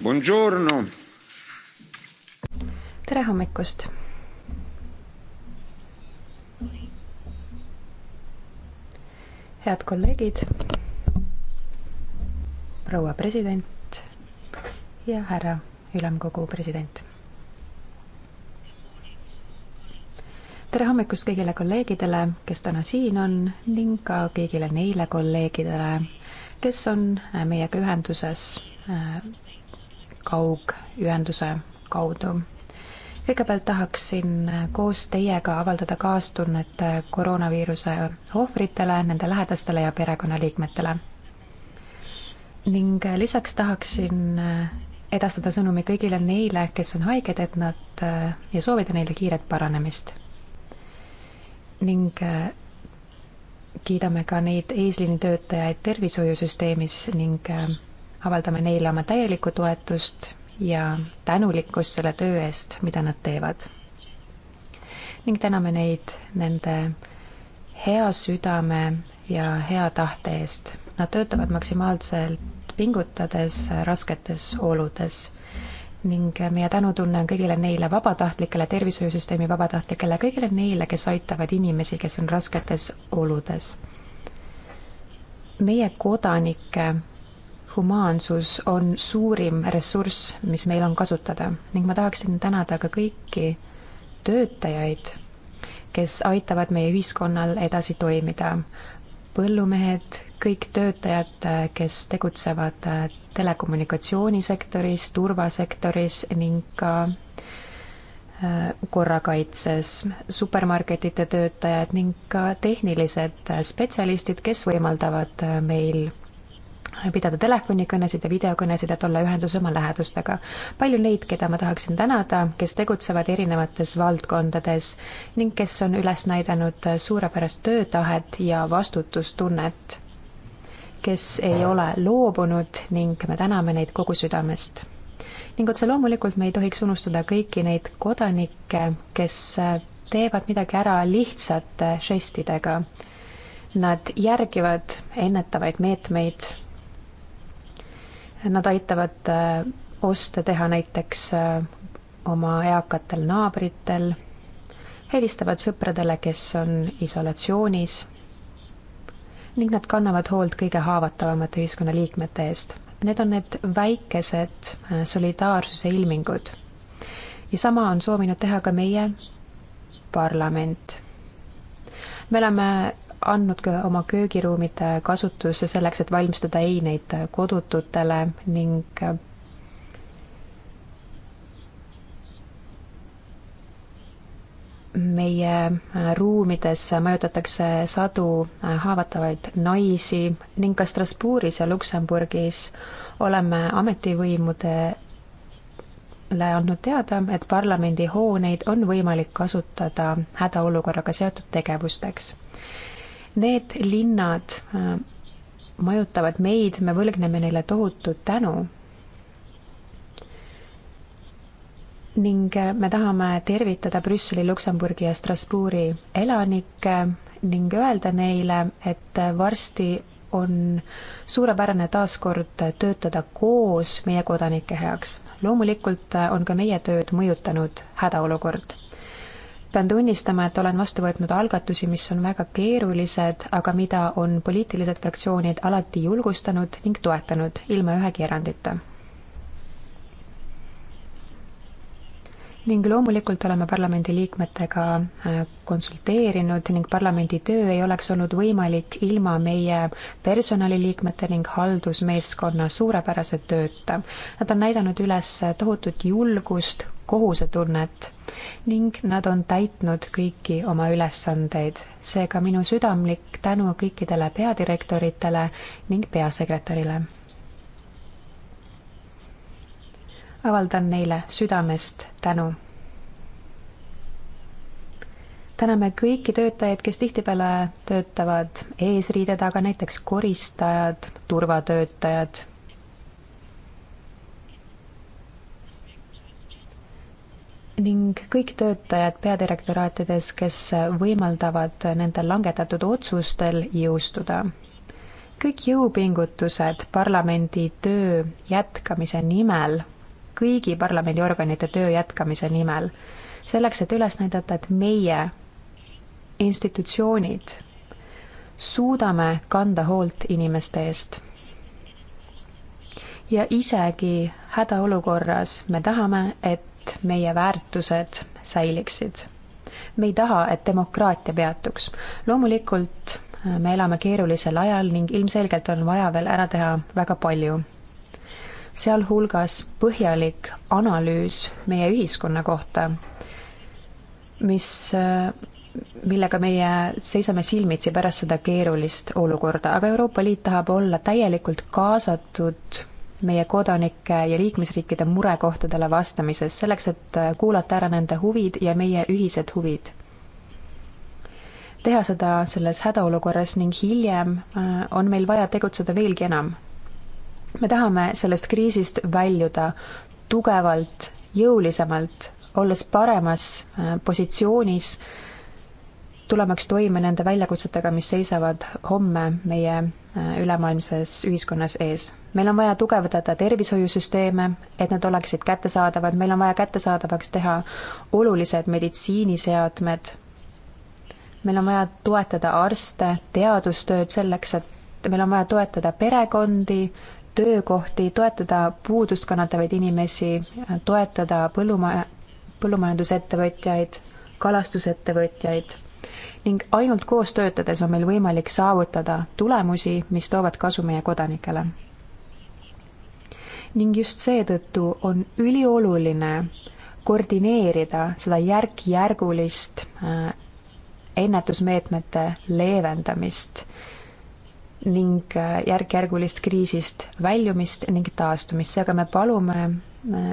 Buongiorno. tere hommikust. head kolleegid, proua president ja härra ülemkogu president. tere hommikust kõigile kolleegidele, kes täna siin on ning ka kõigile neile kolleegidele, kes on meiega ühenduses kaugühenduse kaudu. kõigepealt tahaksin koos teiega avaldada kaastunnet koroonaviiruse ohvritele, nende lähedastele ja perekonnaliikmetele. ning lisaks tahaksin edastada sõnumi kõigile neile, kes on haiged, et nad ja soovida neile kiiret paranemist. ning kiidame ka neid eesliinitöötajaid tervishoiusüsteemis ning avaldame neile oma täielikku toetust ja tänulikkust selle töö eest, mida nad teevad. ning täname neid nende hea südame ja hea tahte eest. Nad töötavad maksimaalselt pingutades rasketes oludes ning meie tänutunne on kõigile neile vabatahtlikele, tervishoiusüsteemi vabatahtlikele, kõigile neile, kes aitavad inimesi, kes on rasketes oludes. meie kodanike humaansus on suurim ressurss, mis meil on kasutada ning ma tahaksin tänada ka kõiki töötajaid, kes aitavad meie ühiskonnal edasi toimida. põllumehed, kõik töötajad, kes tegutsevad telekommunikatsioonisektoris, turvasektoris ning ka äh, korrakaitses, supermarketite töötajad ning ka tehnilised spetsialistid, kes võimaldavad äh, meil pidada telefonikõnesid ja videokõnesid, et olla ühenduses oma lähedustega. palju neid, keda ma tahaksin tänada, kes tegutsevad erinevates valdkondades ning kes on üles näidanud suurepärast töötahet ja vastutustunnet, kes ei ole loobunud ning me täname neid kogu südamest ning otse loomulikult me ei tohiks unustada kõiki neid kodanikke, kes teevad midagi ära lihtsate žestidega. Nad järgivad ennetavaid meetmeid Nad aitavad äh, oste teha näiteks äh, oma eakatel naabritel, helistavad sõpradele, kes on isolatsioonis ning nad kannavad hoolt kõige haavatavamate ühiskonnaliikmete eest. Need on need väikesed äh, solidaarsuse ilmingud. ja sama on soovinud teha ka meie parlament. me oleme andnud ka oma köögiruumid kasutusse selleks, et valmistada eineid kodututele ning meie äh, ruumides mõjutatakse sadu äh, haavatavaid naisi ning ka Strasbourgis ja Luksemburgis oleme ametivõimudele andnud teada, et parlamendihooneid on võimalik kasutada hädaolukorraga seotud tegevusteks Need linnad äh, mõjutavad meid, me võlgneme neile tohutu tänu. ning äh, me tahame tervitada Brüsseli, Luksemburgi ja Strasbourgi elanikke ning öelda neile, et äh, varsti on suurepärane taas kord töötada koos meie kodanike heaks. loomulikult on ka meie tööd mõjutanud hädaolukord pean tunnistama, et olen vastu võtnud algatusi, mis on väga keerulised, aga mida on poliitilised fraktsioonid alati julgustanud ning toetanud ilma ühegi erandita. ning loomulikult oleme parlamendi liikmetega äh, konsulteerinud ning parlamendi töö ei oleks olnud võimalik ilma meie personaliliikmete ning haldusmeeskonna suurepärase tööta. Nad on näidanud üles tohutut julgust, kohusetunnet ning nad on täitnud kõiki oma ülesandeid. seega minu südamlik tänu kõikidele peadirektoritele ning peasekretärile. avaldan neile südamest tänu täname kõiki töötajaid, kes tihtipeale töötavad eesriide taga, näiteks koristajad, turvatöötajad ning kõik töötajad peadirektoraatides, kes võimaldavad nendel langetatud otsustel jõustuda. kõik jõupingutused parlamendi töö jätkamise nimel, kõigi parlamendiorganite töö jätkamise nimel, selleks, et üles näidata, et meie institutsioonid suudame kanda hoolt inimeste eest ja isegi hädaolukorras me tahame, et et meie väärtused säiliksid. me ei taha, et demokraatia peatuks. loomulikult äh, me elame keerulisel ajal ning ilmselgelt on vaja veel ära teha väga palju. sealhulgas põhjalik analüüs meie ühiskonna kohta, mis, äh, millega meie seisame silmitsi pärast seda keerulist olukorda, aga Euroopa Liit tahab olla täielikult kaasatud meie kodanike ja liikmesriikide murekohtadele vastamises, selleks et äh, kuulata ära nende huvid ja meie ühised huvid. teha seda selles hädaolukorras ning hiljem äh, on meil vaja tegutseda veelgi enam. me tahame sellest kriisist väljuda tugevalt, jõulisemalt, olles paremas äh, positsioonis äh, tulemaks toime nende väljakutsetega, mis seisavad homme meie äh, ülemaailmses ühiskonnas ees. meil on vaja tugevdada tervishoiusüsteeme, et need oleksid kättesaadavad, meil on vaja kättesaadavaks teha olulised meditsiiniseadmed, meil on vaja toetada arste, teadustööd selleks, et meil on vaja toetada perekondi, töökohti, toetada puudust kannatavaid inimesi, toetada põllumaja, põllumajandusettevõtjaid, kalastusettevõtjaid ning ainult koos töötades on meil võimalik saavutada tulemusi, mis toovad kasu meie kodanikele. ning just seetõttu on ülioluline koordineerida seda järk-järgulist äh, ennetusmeetmete leevendamist ning äh, järk-järgulist kriisist väljumist ning taastumist, seega me palume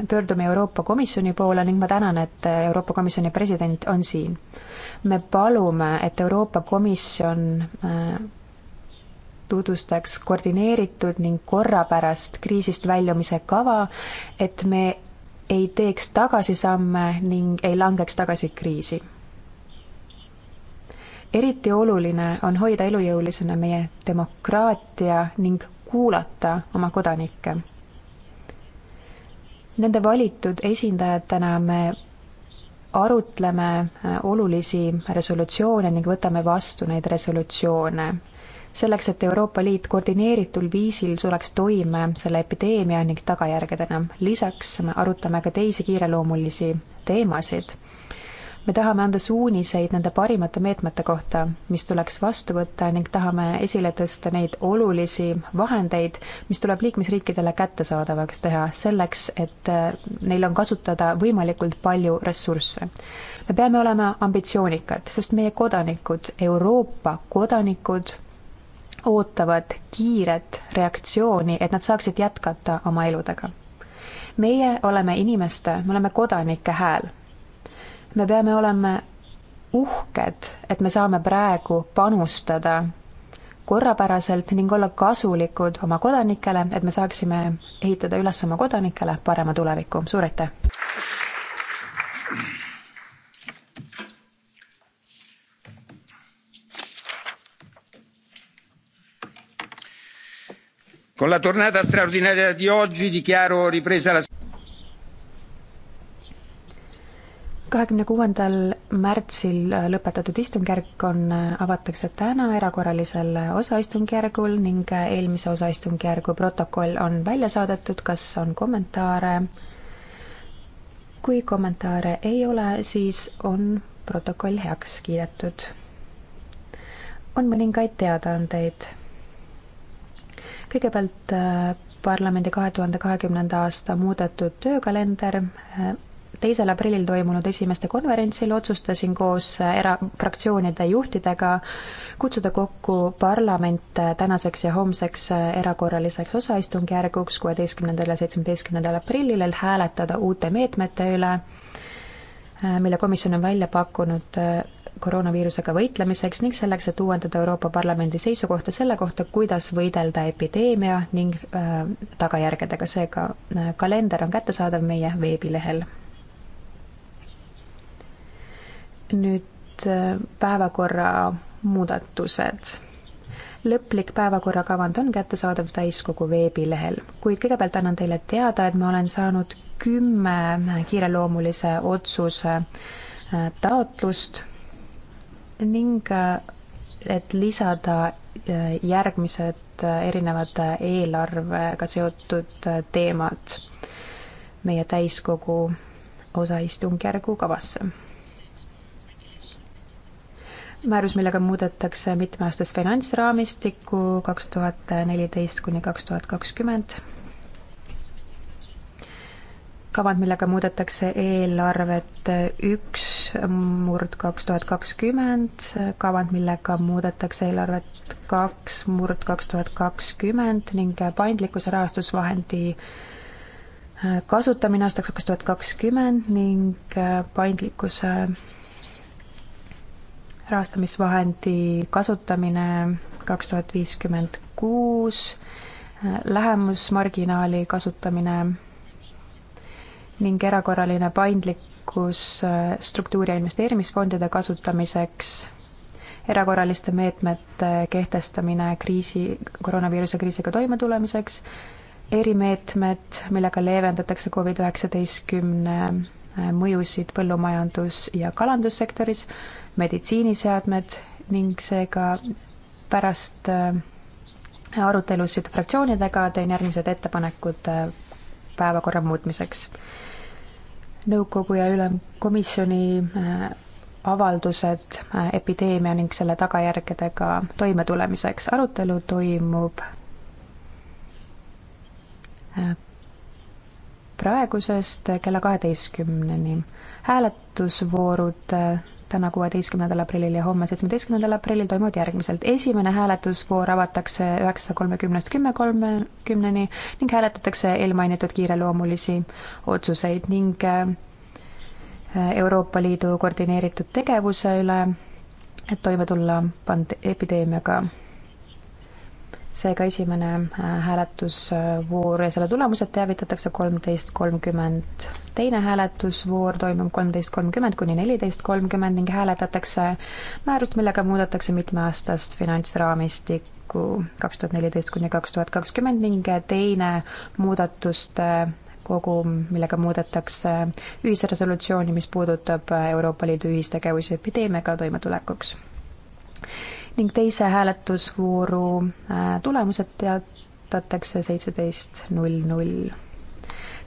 pöördume Euroopa Komisjoni poole ning ma tänan, et Euroopa Komisjoni president on siin. me palume, et Euroopa Komisjon äh, tutvustaks koordineeritud ning korrapärast kriisist väljumise kava, et me ei teeks tagasisamme ning ei langeks tagasi kriisi. eriti oluline on hoida elujõulisena meie demokraatia ning kuulata oma kodanikke Nende valitud esindajatena me arutleme äh, olulisi resolutsioone ning võtame vastu neid resolutsioone. selleks, et Euroopa Liit koordineeritul viisil tuleks toime selle epideemia ning tagajärgedena. lisaks arutame ka teisi kiireloomulisi teemasid me tahame anda suuniseid nende parimate meetmete kohta, mis tuleks vastu võtta ning tahame esile tõsta neid olulisi vahendeid, mis tuleb liikmesriikidele kättesaadavaks teha selleks, et äh, neil on kasutada võimalikult palju ressursse. me peame olema ambitsioonikad, sest meie kodanikud, Euroopa kodanikud, ootavad kiiret reaktsiooni, et nad saaksid jätkata oma eludega meie oleme inimeste, me oleme kodanike hääl me peame olema uhked, et me saame praegu panustada korrapäraselt ning olla kasulikud oma kodanikele, et me saaksime ehitada üles oma kodanikele parema tuleviku. suur aitäh! Con la tornata straordinaria di oggi dichiaro ripresa la kahekümne kuuendal märtsil äh, lõpetatud istungjärk on, äh, avatakse täna erakorralisel äh, osaistungjärgul ning eelmise osaistungjärgu protokoll on välja saadetud, kas on kommentaare? kui kommentaare ei ole, siis on protokoll heaks kiidetud. on mõningaid teadaandeid. kõigepealt parlamendi kahe tuhande kahekümnenda aasta muudetud töökalender teisel aprillil toimunud esimeste konverentsil otsustasin koos äh, era-, fraktsioonide juhtidega kutsuda kokku parlament äh, tänaseks ja homseks äh, erakorraliseks osaistungjärguks kuueteistkümnendal ja seitsmeteistkümnendal aprillil, et hääletada uute meetmete üle, mille komisjon on välja pakkunud koroonaviirusega võitlemiseks ning selleks, et uuendada Euroopa Parlamendi seisukohta selle kohta, kuidas võidelda epideemia ning äh, tagajärgedega, seega äh, kalender on kättesaadav meie veebilehel nüüd äh, päevakorra muudatused. lõplik päevakorra kavand on kättesaadav täiskogu veebilehel, kuid kõigepealt annan teile teada, et ma olen saanud kümme kiireloomulise otsuse äh, taotlust ning äh, et lisada järgmised erinevad eelarvega seotud teemad meie täiskogu osaistungjärgu kavasse määrus, millega muudetakse mitmeaastast finantsraamistikku kaks tuhat neliteist kuni kaks tuhat kakskümmend. kavad, millega muudetakse eelarvet üks murd kaks tuhat kakskümmend, kavad, millega muudetakse eelarvet kaks murd kaks tuhat kakskümmend ning paindlikkuse rahastusvahendi kasutamine aastaks kaks tuhat kakskümmend ning paindlikkuse rahastamisvahendi kasutamine kaks tuhat viiskümmend kuus, lähemusmarginaali kasutamine ning erakorraline paindlikkus äh, struktuuri- ja investeerimisfondide kasutamiseks, erakorraliste meetmete kehtestamine kriisi, koroonaviiruse kriisiga toimetulemiseks erimeetmed, millega leevendatakse Covid-19 mõjusid põllumajandus- ja kalandussektoris, meditsiiniseadmed ning seega pärast äh, arutelusid fraktsioonidega teen järgmised ettepanekud äh, päevakorra muutmiseks. nõukogu ja ülemkomisjoni äh, avaldused epideemia ning selle tagajärgedega toimetulemiseks. arutelu toimub praegusest kella kaheteistkümneni. hääletusvoorud äh, täna, kuueteistkümnendal aprillil ja homme, seitsmeteistkümnendal aprillil toimuvad järgmiselt. esimene hääletusvoor avatakse üheksa kolmekümnest kümme kolmekümneni ning hääletatakse eelmainitud kiireloomulisi otsuseid ning äh, Euroopa Liidu koordineeritud tegevuse üle, et toime tulla pand-, epideemiaga seega esimene äh, hääletusvoor ja selle tulemused teavitatakse kolmteist kolmkümmend. teine hääletusvoor toimub kolmteist kolmkümmend kuni neliteist kolmkümmend ning hääletatakse määrust, millega muudetakse mitmeaastast finantsraamistikku kaks tuhat neliteist kuni kaks tuhat kakskümmend ning teine muudatuste kogu, millega muudetakse ühisresolutsiooni, mis puudutab Euroopa Liidu ühistegevusi epideemiaga toimetulekuks ning teise hääletusvooru äh, tulemused teatatakse seitseteist null null.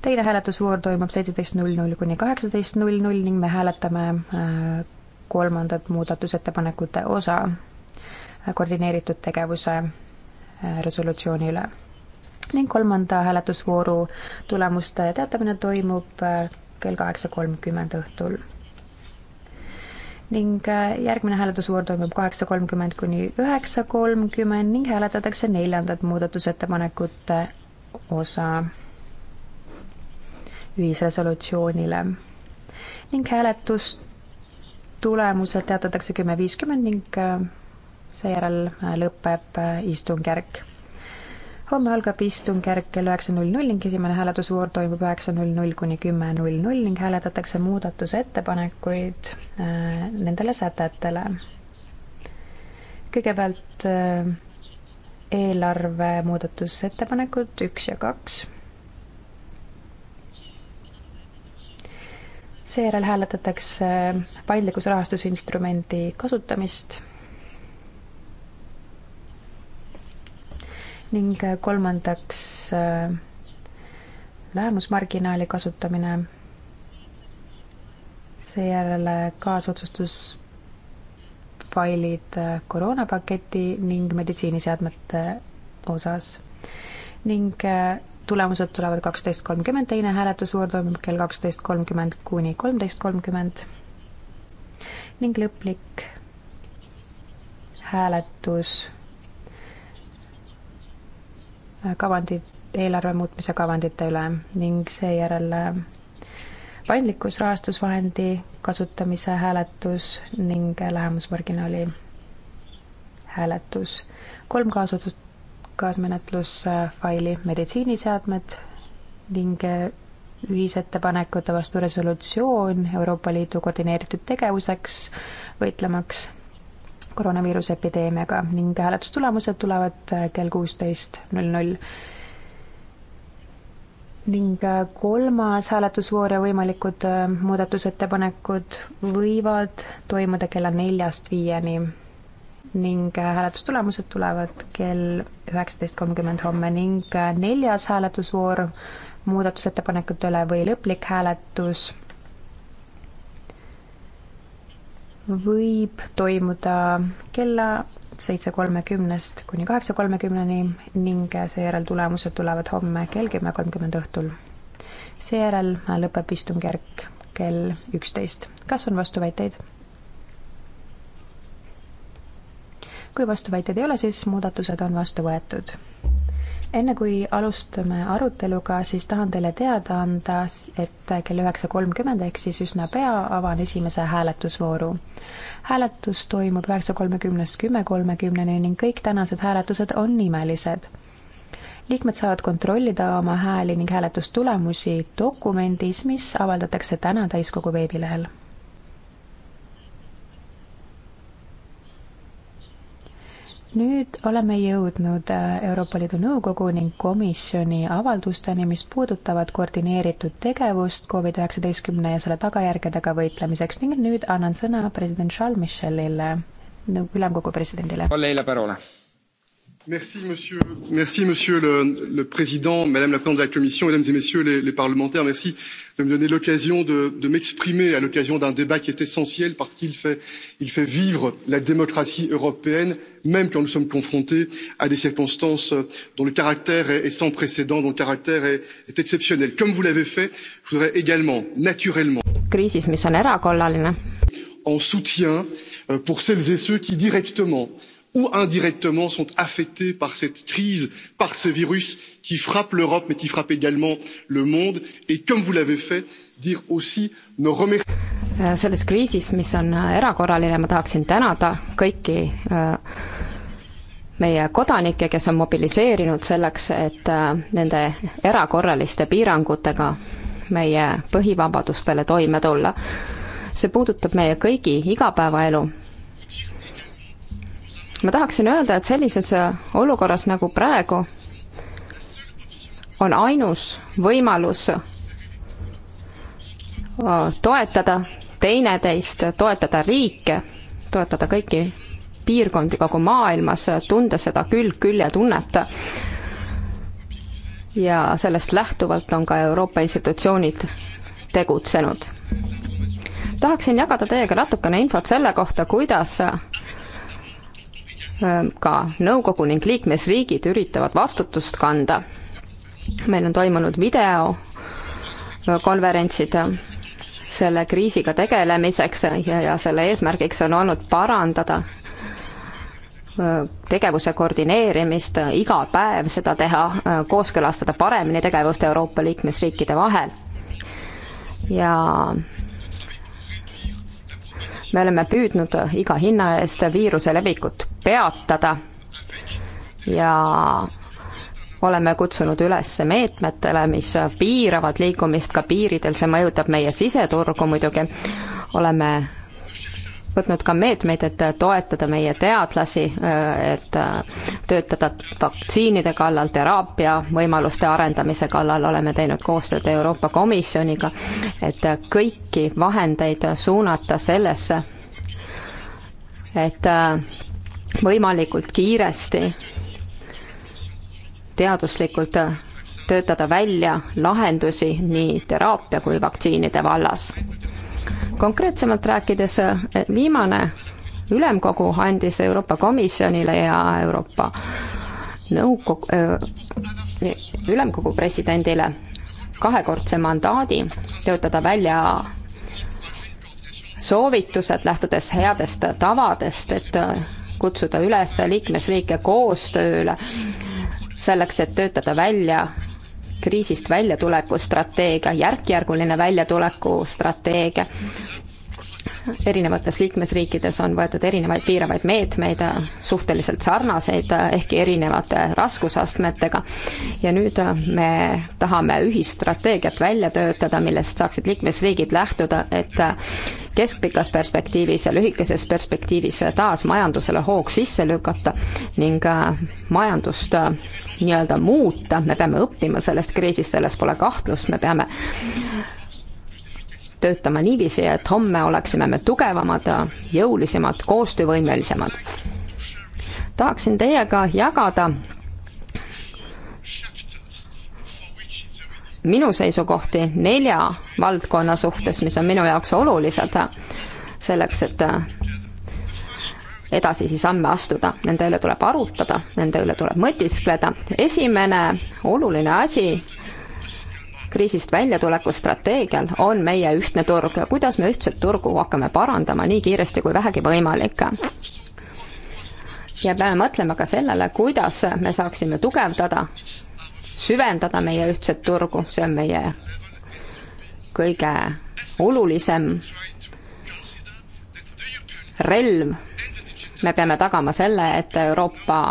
teine hääletusvoor toimub seitseteist null null kuni kaheksateist null null ning me hääletame äh, kolmandat muudatusettepanekute osa äh, koordineeritud tegevuse resolutsiooni üle. ning kolmanda hääletusvooru tulemuste teatamine toimub kell kaheksa kolmkümmend õhtul ning äh, järgmine hääletusvoor toimub kaheksa kolmkümmend kuni üheksa kolmkümmend ning hääletatakse neljandat muudatusettepanekute äh, osa ühisresolutsioonile. ning hääletustulemused teatatakse kümme viiskümmend ning äh, seejärel lõpeb istungjärk homme algab istungjärk kell üheksa null null ning esimene hääletusvoor toimub üheksa null null kuni kümme null null ning hääletatakse muudatusettepanekuid äh, nendele sätetele. kõigepealt äh, eelarve muudatusettepanekud üks ja kaks seejärel hääletatakse paindlikus rahastusinstrumendi kasutamist ning kolmandaks lähemusmarginaali kasutamine, seejärel äh, kaasotsustusfailid äh, koroonapaketi ning meditsiiniseadmete osas ning äh, tulemused tulevad kaksteist kolmkümmend, teine hääletus juurde toimub kell kaksteist kolmkümmend kuni kolmteist kolmkümmend ning lõplik hääletus kavandid, eelarve muutmise kavandite üle ning seejärel äh, paindlikkus rahastusvahendi kasutamise hääletus ning äh, lähemusmarginaali hääletus. kolm kaasatust, kaasmenetlusfaili meditsiiniseadmed ning äh, ühisettepanekute vastu resolutsioon Euroopa Liidu koordineeritud tegevuseks, võitlemaks koroonaviiruse epideemiaga ning hääletustulemused tulevad äh, kell kuusteist null null. ning äh, kolmas hääletusvoor ja võimalikud äh, muudatusettepanekud võivad toimuda kella neljast viieni ning hääletustulemused tulevad kell üheksateist kolmkümmend homme ning neljas hääletusvoor muudatusettepanekute üle või lõplik hääletus võib toimuda kella seitse kolmekümnest kuni kaheksa kolmekümneni ning seejärel tulemused tulevad homme kell kümme kolmkümmend õhtul. seejärel lõpeb istungjärk kell üksteist. kas on vastuväiteid? kui vastuväiteid ei ole, siis muudatused on vastu võetud enne kui alustame aruteluga, siis tahan teile teada anda, et kell üheksa kolmkümmend ehk siis üsna pea avan esimese hääletusvooru. hääletus toimub üheksa kolmekümnest kümme kolmekümneni ning kõik tänased hääletused on nimelised. liikmed saavad kontrollida oma hääli ning hääletustulemusi dokumendis, mis avaldatakse täna täiskogu veebilehel nüüd oleme jõudnud äh, Euroopa Liidu Nõukogu ning komisjoni avaldusteni, mis puudutavad koordineeritud tegevust Covid-19 ja selle tagajärgedega võitlemiseks ning nüüd annan sõna president Charles Michelile, ülemkogu presidendile. Leila Pärole. Merci monsieur, merci monsieur le, le président, madame la présidente de la commission, mesdames et messieurs les, les parlementaires, merci de me donner l'occasion de, de m'exprimer à l'occasion d'un débat qui est essentiel parce qu'il fait, il fait vivre la démocratie européenne même quand nous sommes confrontés à des circonstances euh, dont le caractère est sans précédent dont le caractère est exceptionnel comme vous l'avez fait je voudrais également naturellement en soutien euh, pour celles et ceux qui directement ou indirectement sont affectés par cette crise par ce virus qui frappe l'europe mais qui frappe également le monde et comme vous l'avez fait dire aussi nos remerciements Äh, selles kriisis, mis on äh, erakorraline, ma tahaksin tänada kõiki äh, meie kodanikke, kes on mobiliseerinud selleks, et nende erakorraliste piirangutega meie põhivabadustele toime tulla. see puudutab meie kõigi igapäevaelu. ma tahaksin öelda, et sellises olukorras nagu praegu on ainus võimalus toetada teineteist, toetada riike, toetada kõiki piirkondi kogu maailmas, tunda seda külg külje tunnet. ja sellest lähtuvalt on ka Euroopa institutsioonid tegutsenud. tahaksin jagada teiega natukene infot selle kohta, kuidas ähm, ka nõukogu ning liikmesriigid üritavad vastutust kanda. meil on toimunud videokonverentsid selle kriisiga tegelemiseks ja, ja selle eesmärgiks on olnud parandada tegevuse koordineerimist, iga päev seda teha, kooskõlastada paremini tegevust Euroopa liikmesriikide vahel. ja me oleme püüdnud iga hinna eest viiruse levikut peatada ja oleme kutsunud üles meetmetele, mis piiravad liikumist ka piiridel, see mõjutab meie siseturgu muidugi, oleme võtnud ka meetmeid, et toetada meie teadlasi, et töötada vaktsiinide kallal, teraapia võimaluste arendamise kallal, oleme teinud koostööd Euroopa Komisjoniga, et kõiki vahendeid suunata sellesse, et võimalikult kiiresti teaduslikult töötada välja lahendusi nii teraapia kui vaktsiinide vallas. konkreetsemalt rääkides, viimane ülemkogu andis Euroopa Komisjonile ja Euroopa nõukogu, äh, ülemkogu presidendile kahekordse mandaadi töötada välja soovitused, lähtudes headest tavadest, et kutsuda üles liikmesriike koostööle selleks, et töötada välja kriisist väljatuleku strateegia, järk-järguline väljatuleku strateegia erinevates liikmesriikides on võetud erinevaid piiravaid meetmeid, suhteliselt sarnaseid, ehkki erinevate raskusastmetega, ja nüüd me tahame ühisstrateegiat välja töötada, millest saaksid liikmesriigid lähtuda, et keskpikas perspektiivis ja lühikeses perspektiivis taas majandusele hoog sisse lükata ning majandust nii-öelda muuta, me peame õppima sellest kriisist, selles pole kahtlust, me peame töötama niiviisi, et homme oleksime me tugevamad, jõulisemad, koostöövõimelisemad. tahaksin teiega jagada minu seisukohti nelja valdkonna suhtes, mis on minu jaoks olulised selleks, et edasisi samme astuda, nende üle tuleb arutada, nende üle tuleb mõtiskleda. esimene oluline asi kriisist väljatuleku strateegial on meie ühtne turg ja kuidas me ühtset turgu hakkame parandama nii kiiresti kui vähegi võimalik ja peame mõtlema ka sellele, kuidas me saaksime tugevdada, süvendada meie ühtset turgu, see on meie kõige olulisem relv. me peame tagama selle, et Euroopa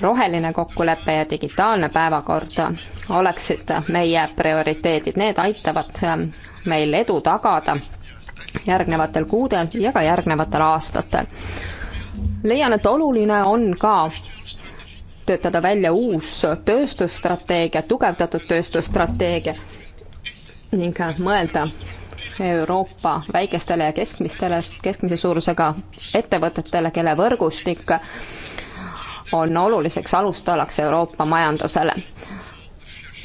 roheline kokkulepe ja digitaalne päevakord oleksid meie prioriteedid, need aitavad ähm, meil edu tagada järgnevatel kuudel ja ka järgnevatel aastatel. leian, et oluline on ka töötada välja uus tööstusstrateegia, tugevdatud tööstusstrateegia ning mõelda Euroopa väikestele ja keskmistele, keskmise suurusega ettevõtetele, kelle võrgustik on oluliseks alustalaks Euroopa majandusele.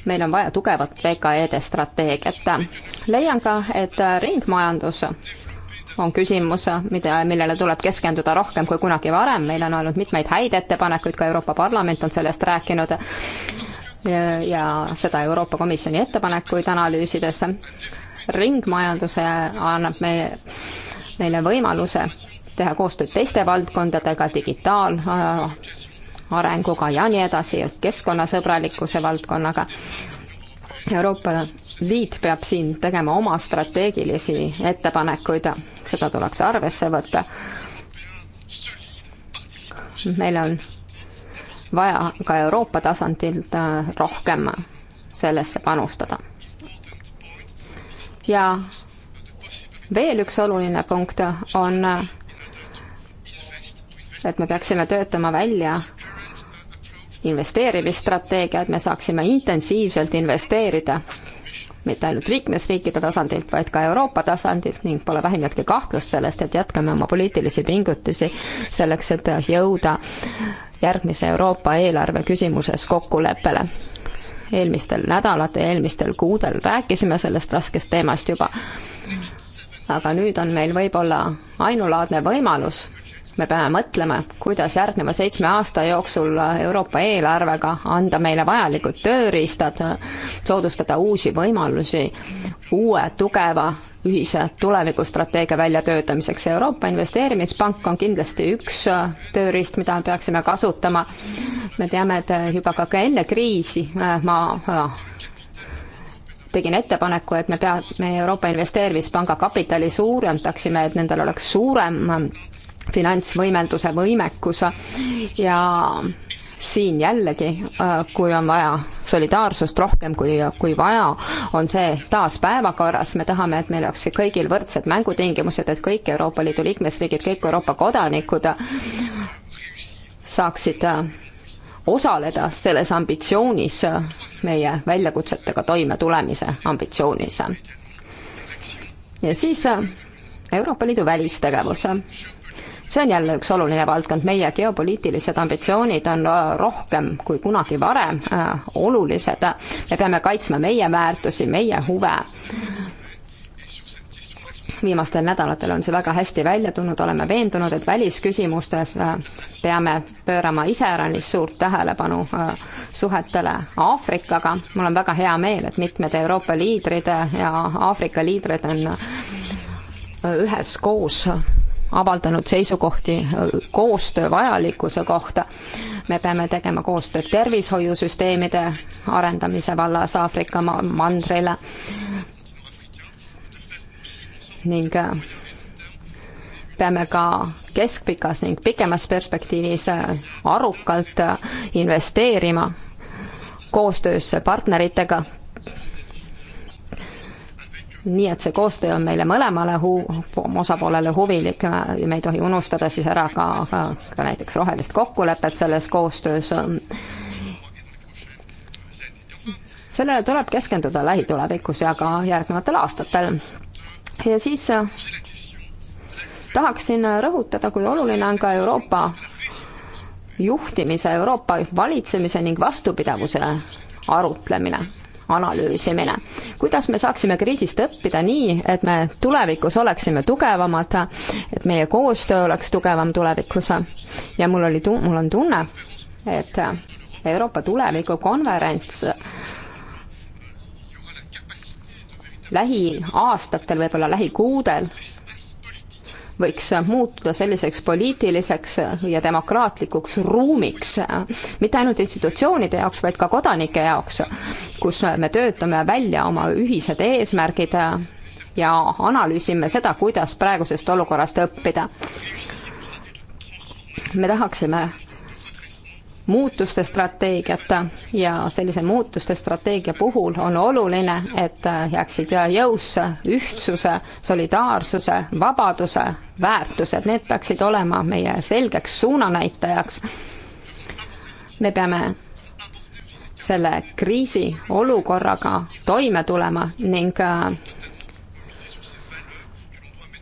meil on vaja tugevat PKE-de strateegiat. leian ka, et ringmajandus on küsimus, mida, millele tuleb keskenduda rohkem kui kunagi varem, meil on olnud mitmeid häid ettepanekuid, ka Euroopa Parlament on sellest rääkinud ja, ja seda Euroopa Komisjoni ettepanekuid analüüsides. ringmajanduse annab meie, meile võimaluse teha koostööd teiste valdkondadega, digitaal äh,, arenguga ja nii edasi, keskkonnasõbralikkuse valdkonnaga. Euroopa Liit peab siin tegema oma strateegilisi ettepanekuid, seda tuleks arvesse võtta. meil on vaja ka Euroopa tasandil äh, rohkem sellesse panustada. ja veel üks oluline punkt on, äh, et me peaksime töötama välja investeerimisstrateegia, et me saaksime intensiivselt investeerida mitte ainult liikmesriikide tasandilt, vaid ka Euroopa tasandilt ning pole vähimatki kahtlust sellest, et jätkame oma poliitilisi pingutusi selleks, et jõuda järgmise Euroopa eelarve küsimuses kokkuleppele. eelmistel nädalatel, eelmistel kuudel rääkisime sellest raskest teemast juba, aga nüüd on meil võib-olla ainulaadne võimalus me peame mõtlema, kuidas järgneva seitsme aasta jooksul Euroopa eelarvega anda meile vajalikud tööriistad, soodustada uusi võimalusi, uue tugeva ühise tulevikustrateegia väljatöötamiseks. Euroopa Investeerimispank on kindlasti üks tööriist, mida me peaksime kasutama. me teame, et juba ka enne kriisi ma äh, tegin ettepaneku, et me pea, me Euroopa Investeerimispanga kapitali suurendaksime, et nendel oleks suurem finantsvõimenduse võimekus ja siin jällegi, äh, kui on vaja solidaarsust rohkem kui, kui vaja, on see taas päevakorras, me tahame, et meil oleks kõigil võrdsed mängutingimused, et kõik Euroopa Liidu liikmesriigid, kõik Euroopa kodanikud saaksid äh, osaleda selles ambitsioonis, äh, meie väljakutsetega toimetulemise ambitsioonis. ja siis Euroopa Liidu välistegevus see on jälle üks oluline valdkond, meie geopoliitilised ambitsioonid on äh, rohkem kui kunagi varem äh, olulised, me peame kaitsma meie väärtusi, meie huve. viimastel nädalatel on see väga hästi välja tulnud, oleme veendunud, et välisküsimustes äh, peame pöörama iseäranis suurt tähelepanu äh, suhetele Aafrikaga, mul on väga hea meel, et mitmed Euroopa liidrid äh, ja Aafrika liidrid on äh, üheskoos avaldanud seisukohti äh, koostöö vajalikkuse kohta. me peame tegema koostööd tervishoiusüsteemide arendamise vallas Aafrika mandrile ning äh, peame ka keskpikas ning pikemas perspektiivis äh, arukalt investeerima koostöösse partneritega nii et see koostöö on meile mõlemale hu-, osapoolele huvilik ja me ei tohi unustada siis ära ka, ka, ka näiteks rohelist kokkulepet selles koostöös. sellele tuleb keskenduda lähitulevikus ja ka järgnevatel aastatel. ja siis äh, tahaksin rõhutada, kui oluline on ka Euroopa juhtimise, Euroopa valitsemise ning vastupidavuse arutlemine analüüsimine. kuidas me saaksime kriisist õppida nii, et me tulevikus oleksime tugevamad, et meie koostöö oleks tugevam tulevikus ja mul oli tu-, mul on tunne, et Euroopa tulevikukonverents lähiaastatel, võib-olla lähikuudel võiks muutuda selliseks poliitiliseks ja demokraatlikuks ruumiks, mitte ainult institutsioonide jaoks, vaid ka kodanike jaoks, kus me töötame välja oma ühised eesmärgid ja analüüsime seda, kuidas praegusest olukorrast õppida. me tahaksime muutuste strateegiat ja sellise muutuste strateegia puhul on oluline, et jääksid jõusse ühtsuse, solidaarsuse, vabaduse väärtused, need peaksid olema meie selgeks suunanäitajaks. me peame selle kriisiolukorraga toime tulema ning äh,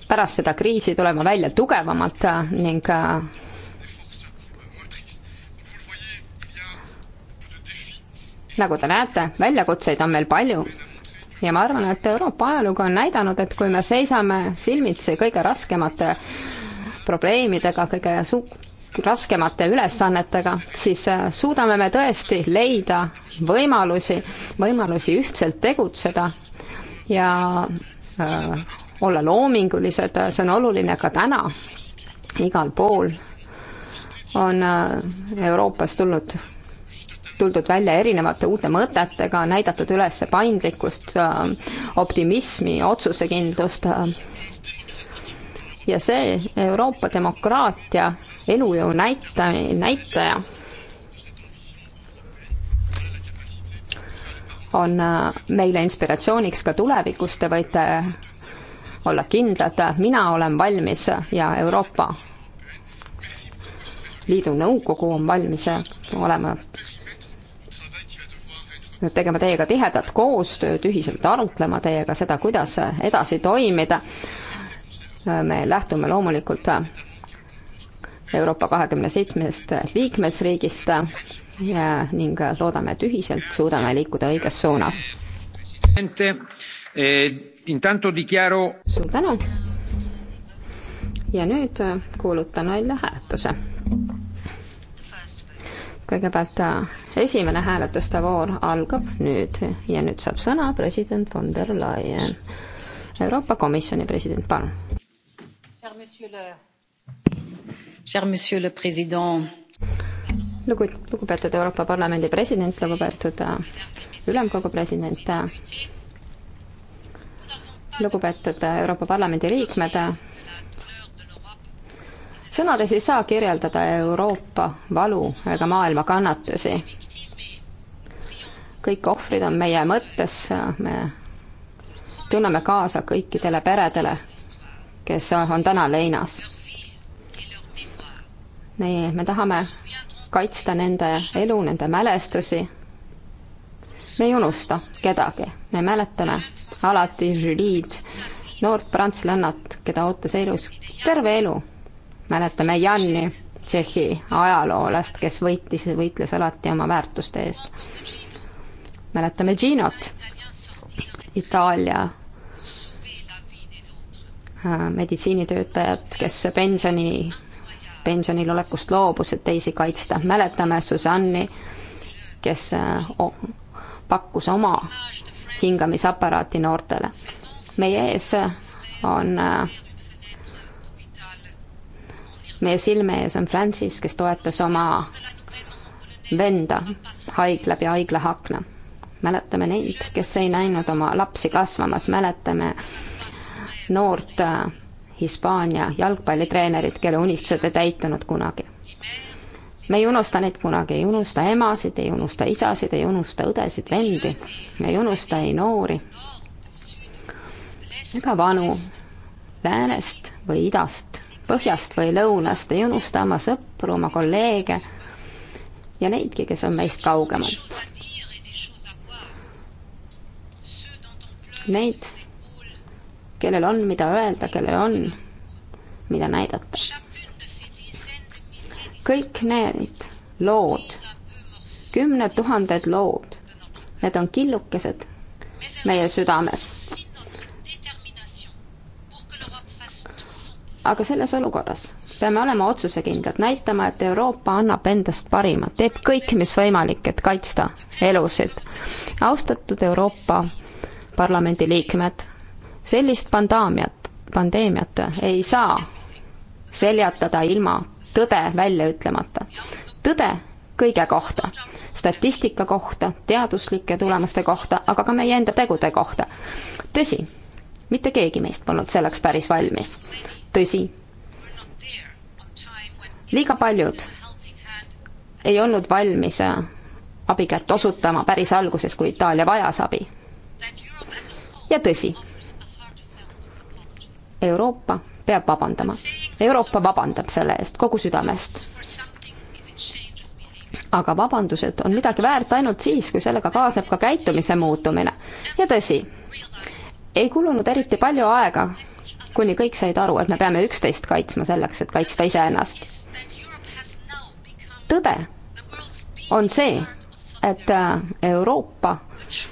pärast seda kriisi tulema välja tugevamalt ning äh, nagu te näete, väljakutseid on meil palju ja ma arvan, et Euroopa ajalugu on näidanud, et kui me seisame silmitsi kõige raskemate probleemidega, kõige su-, raskemate ülesannetega, siis äh, suudame me tõesti leida võimalusi, võimalusi ühtselt tegutseda ja öö, äh, olla loomingulised, see on oluline ka täna igal pool on äh, Euroopast tulnud tuldud välja erinevate uute mõtetega, näidatud üles paindlikkust, äh, optimismi, otsusekindlust äh. ja see Euroopa demokraatia elujõu näita, näitaja on äh, meile inspiratsiooniks ka tulevikus, te võite olla kindlad, mina olen valmis ja Euroopa Liidu Nõukogu on valmis olema tegema teiega tihedat koostööd, ühiselt arutlema teiega seda, kuidas edasi toimida. me lähtume loomulikult Euroopa kahekümne seitsmest liikmesriigist ja ning loodame, et ühiselt suudame liikuda õiges suunas. Eh, suur tänu. ja nüüd kuulutan välja hääletuse kõigepealt äh, esimene hääletuste voor algab nüüd ja nüüd saab sõna president von der Leyen. Euroopa Komisjoni president, palun. lugu, lugupeetud Euroopa Parlamendi president, lugupeetud äh, ülemkogu president, äh, lugupeetud Euroopa Parlamendi liikmed, sõnades ei saa kirjeldada Euroopa valu ega maailma kannatusi. kõik ohvrid on meie mõttes, me tunneme kaasa kõikidele peredele, kes on täna leinas. nii, me tahame kaitsta nende elu, nende mälestusi. me ei unusta kedagi, me mäletame alati Julie'd, noort prantslannat, keda ootas elus terve elu mäletame Janni, Tšehhi ajaloolast, kes võitis, võitles alati oma väärtuste eest. mäletame Ginot, Itaalia äh, meditsiinitöötajat, kes pensioni, pensionil olekust loobus, et teisi kaitsta. mäletame Susanni, kes äh, pakkus oma hingamisaparaati noortele. meie ees on äh, meie silme ees on Francis, kes toetas oma venda haiglabi haigla akna. mäletame neid, kes ei näinud oma lapsi kasvamas, mäletame noort äh, Hispaania jalgpallitreenerit, kelle unistused ei täitunud kunagi. me ei unusta neid kunagi, ei unusta emasid, ei unusta isasid, ei unusta õdesid, vendi, ei unusta ei noori ega vanu läänest või idast põhjast või lõunast, ei unusta oma sõpru, oma kolleege ja neidki, kes on meist kaugemad. Neid, kellel on, mida öelda, kellel on, mida näidata. kõik need lood, kümned tuhanded lood, need on killukesed meie südames aga selles olukorras peame olema otsusekindlad, näitama, et Euroopa annab endast parima, teeb kõik, mis võimalik, et kaitsta elusid. austatud Euroopa Parlamendi liikmed, sellist pandaamiat, pandeemiat ei saa seljatada ilma tõde välja ütlemata. tõde kõige kohta, statistika kohta, teaduslike tulemuste kohta, aga ka meie enda tegude kohta. tõsi, mitte keegi meist polnud selleks päris valmis tõsi. liiga paljud ei olnud valmis äh, abikätt osutama päris alguses, kui Itaalia vajas abi. ja tõsi, Euroopa peab vabandama. Euroopa vabandab selle eest kogu südamest. aga vabandused on midagi väärt ainult siis, kui sellega kaasneb ka käitumise muutumine. ja tõsi, ei kulunud eriti palju aega, kuni kõik said aru, et me peame üksteist kaitsma selleks, et kaitsta iseennast. tõde on see, et äh, Euroopa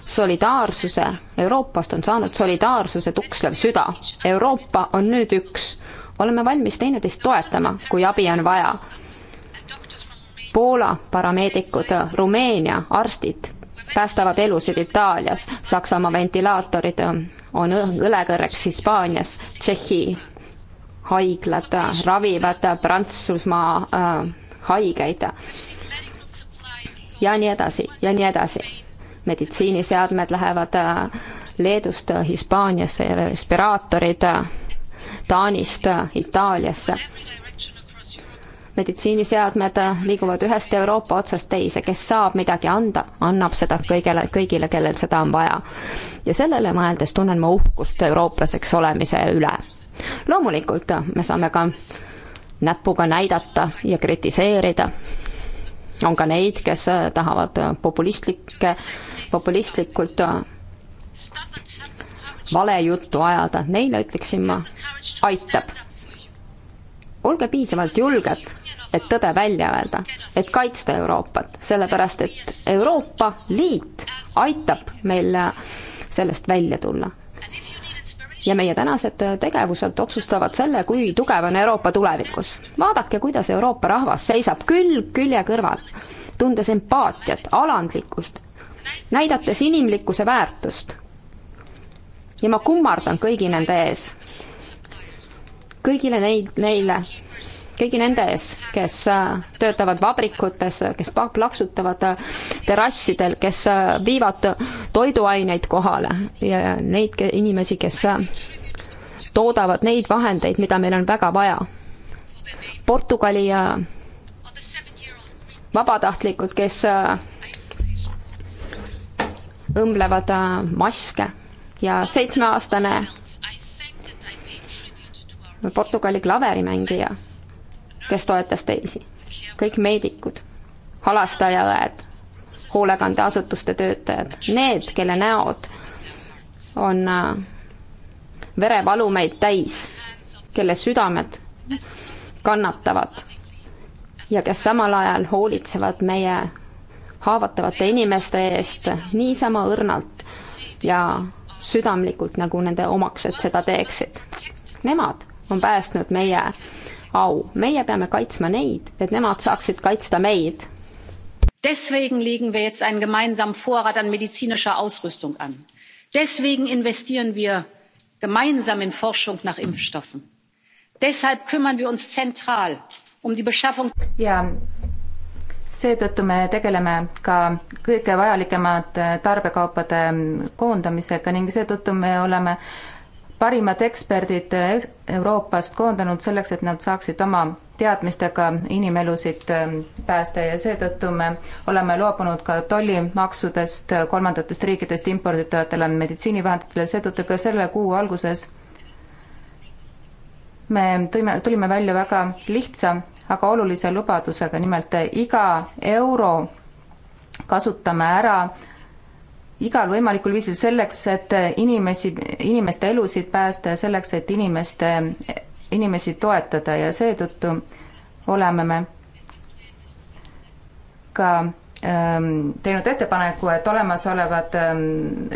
solidaarsuse, Euroopast on saanud solidaarsuse tukslev süda. Euroopa on nüüd üks. oleme valmis teineteist toetama, kui abi on vaja. Poola parameedikud, Rumeenia arstid päästavad elusid Itaalias, Saksamaa ventilaatorid on õlekõrreks Hispaanias, Tšehhi haiglad äh, ravivad äh, Prantsusmaa äh, haigeid ja nii edasi ja nii edasi. meditsiiniseadmed lähevad äh, Leedust äh, Hispaaniasse ja respiraatorid äh, Taanist Itaaliasse meditsiiniseadmed liiguvad ühest Euroopa otsast teise, kes saab midagi anda, annab seda kõigele, kõigile, kellel seda on vaja. ja sellele mõeldes tunnen ma uhkust eurooplaseks olemise üle. loomulikult me saame ka näpuga näidata ja kritiseerida, on ka neid, kes tahavad populistlikke, populistlikult valejuttu ajada, neile ütleksin ma, aitab. olge piisavalt julged et tõde välja öelda, et kaitsta Euroopat, sellepärast et Euroopa Liit aitab meil sellest välja tulla. ja meie tänased tegevused otsustavad selle, kui tugev on Euroopa tulevikus. vaadake, kuidas Euroopa rahvas seisab külg külje kõrval, tundes empaatiat, alandlikkust, näidates inimlikkuse väärtust. ja ma kummardan kõigi nende ees, kõigile neid, neile kõigi nende ees, kes äh, töötavad vabrikutes, äh, kes plaksutavad äh, terrassidel, kes viivad toiduaineid kohale ja neid inimesi, kes toodavad neid vahendeid, mida meil on väga vaja. Portugali vabatahtlikud, kes õmblevad maske ja seitsmeaastane Portugali klaverimängija kes toetas teisi. kõik meedikud, halastajaõed, hoolekandeasutuste töötajad, need, kelle näod on äh, verevalumeid täis, kelle südamed kannatavad ja kes samal ajal hoolitsevad meie haavatavate inimeste eest niisama õrnalt ja südamlikult, nagu nende omaksed seda teeksid. Nemad on päästnud meie au. meie peame kaitsma neid, et nemad saaksid kaitsta meid. Deswegen legen wir jetzt einen gemeinsamen Vorrat an medizinischer Ausrüstung an. Deswegen investieren wir gemeinsam in Forschung nach Impfstoffen. Deshalb kümmern wir uns zentral um die Beschaffung. Ja, seetõttu me tegeleme ka kõige vajalikemad tarbekaupade koondamisega ning seetõttu me oleme äh, parimad eksperdid Euroopast koondanud selleks, et nad saaksid oma teadmistega inimelusid ähm, päästa ja seetõttu me oleme loobunud ka tollimaksudest kolmandatest riikidest imporditavatele meditsiinivahenditele, seetõttu ka selle kuu alguses me tõime, tulime välja väga lihtsa, aga olulise lubadusega, nimelt iga euro kasutame ära igal võimalikul viisil selleks, et inimesi, inimeste elusid päästa ja selleks, et inimeste, inimesi toetada ja seetõttu oleme me ka ähm, teinud ettepaneku, et olemasolevad ähm,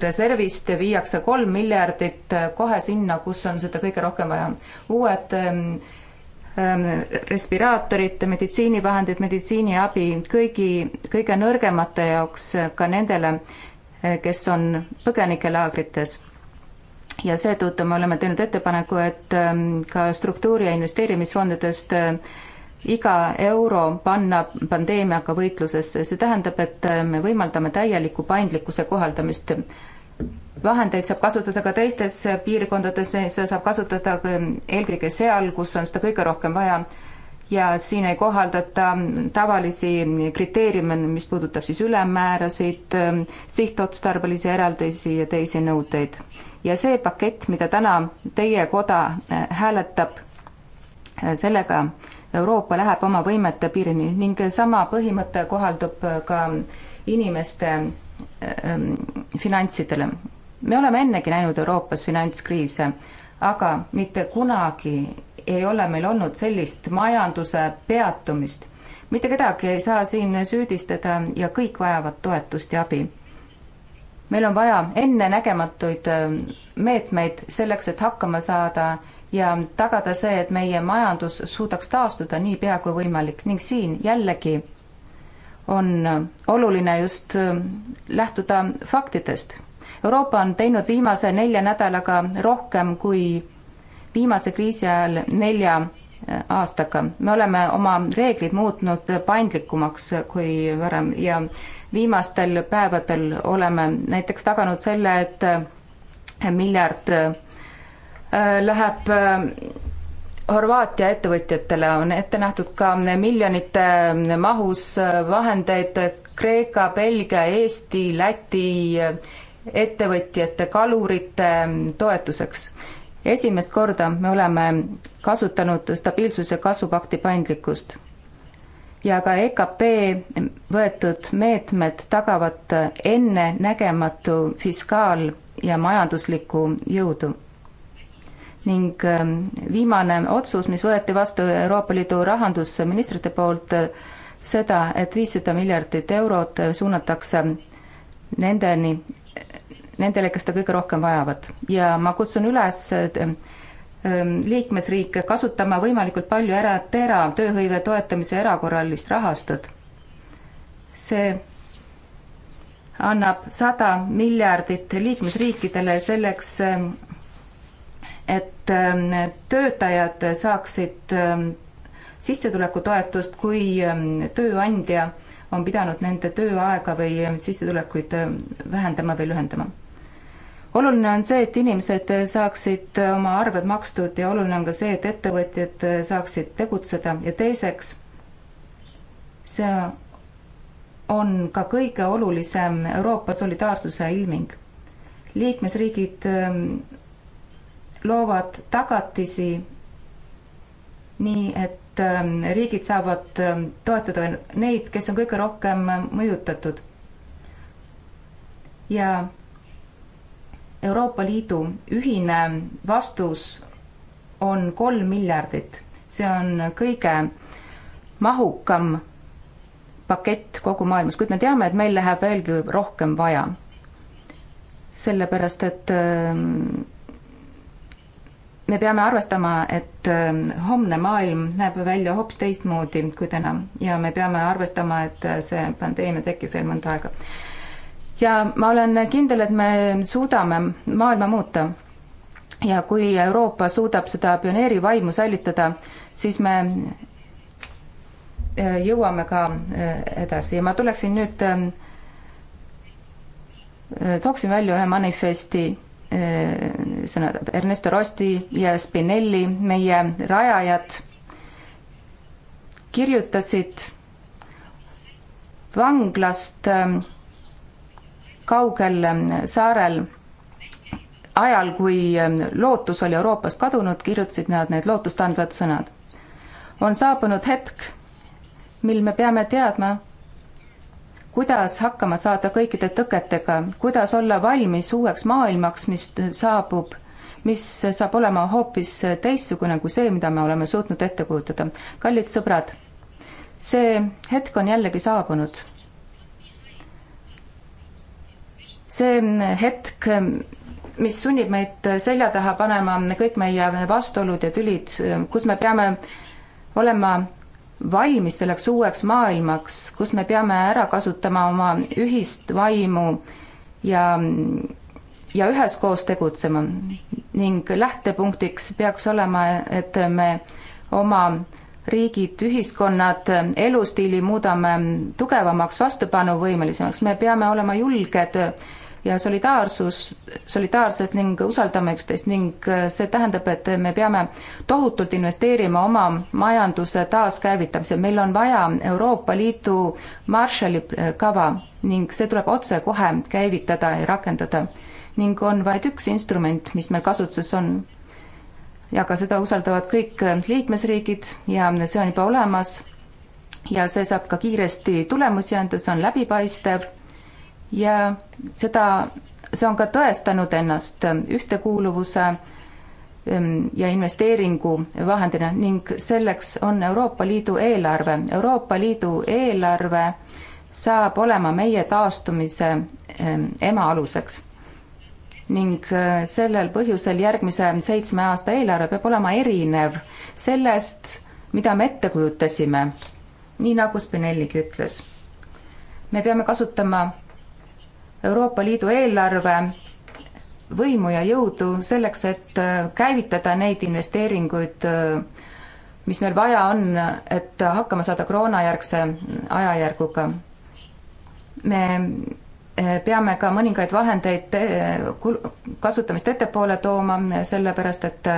reservist viiakse kolm miljardit kohe sinna, kus on seda kõige rohkem vaja. uued ähm, Ähm, respiraatorid, meditsiinivahendid, meditsiiniabi kõigi, kõige nõrgemate jaoks, äh, ka nendele, äh, kes on põgenikelaagrites. ja seetõttu me oleme teinud ettepaneku, et ähm, ka struktuuri- ja investeerimisfondidest äh, iga euro panna pandeemiaga võitlusesse, see tähendab, et me võimaldame täielikku paindlikkuse kohaldamist vahendeid saab kasutada ka teistes piirkondades, seda saab kasutada eelkõige seal, kus on seda kõige rohkem vaja ja siin ei kohaldata tavalisi kriteeriume, mis puudutab siis ülemmäärasid, sihtotstarbelisi eraldisi ja teisi nõudeid. ja see pakett, mida täna teie koda äh, hääletab, äh, sellega Euroopa läheb oma võimete piirini ning sama põhimõte kohaldub äh, ka inimeste Ähm, finantsidele. me oleme ennegi näinud Euroopas finantskriise, aga mitte kunagi ei ole meil olnud sellist majanduse peatumist. mitte kedagi ei saa siin süüdistada ja kõik vajavad toetust ja abi. meil on vaja ennenägematuid ähm, meetmeid selleks, et hakkama saada ja tagada see, et meie majandus suudaks taastuda niipea kui võimalik ning siin jällegi on oluline just äh, lähtuda faktidest. Euroopa on teinud viimase nelja nädalaga rohkem kui viimase kriisi ajal nelja äh, aastaga. me oleme oma reeglid muutnud paindlikumaks kui varem ja viimastel päevadel oleme näiteks taganud selle, et äh, miljard läheb Horvaatia ettevõtjatele on ette nähtud ka miljonite mahus vahendeid Kreeka, Belgia, Eesti, Läti ettevõtjate, kalurite toetuseks. esimest korda me oleme kasutanud stabiilsuse kasvupakti paindlikkust. ja ka EKP võetud meetmed tagavad ennenägematu fiskaal- ja majanduslikku jõudu ning ähm, viimane otsus, mis võeti vastu Euroopa Liidu rahandusministrite poolt, äh, seda, et viissada miljardit eurot äh, suunatakse nendeni, nendele, kes seda kõige rohkem vajavad ja ma kutsun üles äh, ähm, liikmesriike kasutama võimalikult palju ära TERA tööhõive toetamise erakorralist rahastut. see annab sada miljardit liikmesriikidele selleks, ähm, et ähm, töötajad saaksid ähm, sissetulekutoetust, kui ähm, tööandja on pidanud nende tööaega või sissetulekuid vähendama või lühendama. oluline on see, et inimesed saaksid oma arved makstud ja oluline on ka see, et ettevõtjad saaksid tegutseda ja teiseks, see on ka kõige olulisem Euroopa solidaarsuse ilming. liikmesriigid loovad tagatisi nii, et ähm, riigid saavad ähm, toetada neid, kes on kõige rohkem mõjutatud. ja Euroopa Liidu ühine vastus on kolm miljardit, see on kõige mahukam pakett kogu maailmas, kuid me teame, et meil läheb veelgi rohkem vaja. sellepärast, et ähm, me peame arvestama, et ähm, homne maailm näeb välja hoopis teistmoodi kui täna ja me peame arvestama, et äh, see pandeemia tekib veel mõnda aega. ja ma olen kindel, et me suudame maailma muuta. ja kui Euroopa suudab seda pioneerivaimu säilitada, siis me äh, jõuame ka äh, edasi ja ma tuleksin nüüd, ähm, tooksin välja ühe manifesti Äh, sõna Ernesto Rosti ja Spinelli, meie rajajad, kirjutasid vanglast ähm, kaugel ähm, saarel ajal, kui ähm, lootus oli Euroopast kadunud, kirjutasid nad need lootustandvad sõnad. on saabunud hetk, mil me peame teadma, kuidas hakkama saada kõikide tõketega, kuidas olla valmis uueks maailmaks, mis saabub, mis saab olema hoopis teistsugune kui see, mida me oleme suutnud ette kujutada. kallid sõbrad, see hetk on jällegi saabunud. see hetk, mis sunnib meid selja taha panema kõik meie vastuolud ja tülid, kus me peame olema valmis selleks uueks maailmaks, kus me peame ära kasutama oma ühist vaimu ja, ja üheskoos tegutsema. ning lähtepunktiks peaks olema, et me oma riigid, ühiskonnad, elustiili muudame tugevamaks, vastupanuvõimelisemaks, me peame olema julged ja solidaarsus, solidaarsed ning usaldame üksteist ning äh, see tähendab, et me peame tohutult investeerima oma majanduse taaskäivitamisel, meil on vaja Euroopa Liidu Marshalli äh, kava ning see tuleb otsekohe käivitada ja rakendada. ning on vaid üks instrument, mis meil kasutuses on, ja ka seda usaldavad kõik äh, liikmesriigid ja see on juba olemas ja see saab ka kiiresti tulemusi anda, see on läbipaistev ja seda, see on ka tõestanud ennast ähm, ühtekuuluvuse ähm, ja investeeringu vahendina ning selleks on Euroopa Liidu eelarve. Euroopa Liidu eelarve saab olema meie taastumise ähm, ema aluseks. ning äh, sellel põhjusel järgmise seitsme aasta eelarve peab olema erinev sellest, mida me ette kujutasime, nii nagu Spinelligi ütles. me peame kasutama Euroopa Liidu eelarve võimu ja jõudu selleks, et äh, käivitada neid investeeringuid, äh, mis meil vaja on, et hakkama saada koroonajärgse äh, ajajärguga. me peame ka mõningaid vahendeid kasutamist ettepoole tooma, sellepärast et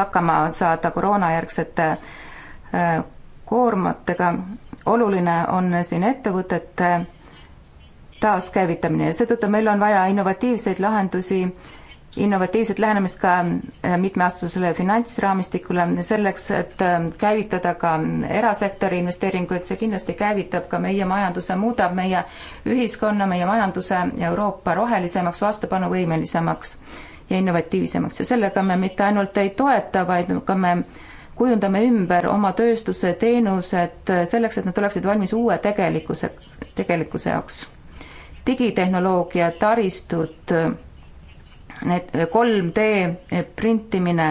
hakkama saada koroonajärgsete koormatega. oluline on siin ettevõtete et taaskäivitamine ja seetõttu meil on vaja innovatiivseid lahendusi, innovatiivset lähenemist ka äh, mitmeaastasele finantsraamistikule selleks, et äh, käivitada ka erasektori investeeringuid, see kindlasti käivitab ka meie majanduse, muudab meie ühiskonna, meie majanduse Euroopa rohelisemaks, vastupanuvõimelisemaks ja innovatiivsemaks ja sellega me mitte ainult ei toeta, vaid ka me kujundame ümber oma tööstuse teenused selleks, et nad oleksid valmis uue tegelikkuse, tegelikkuse jaoks digitehnoloogia, taristud, need 3D printimine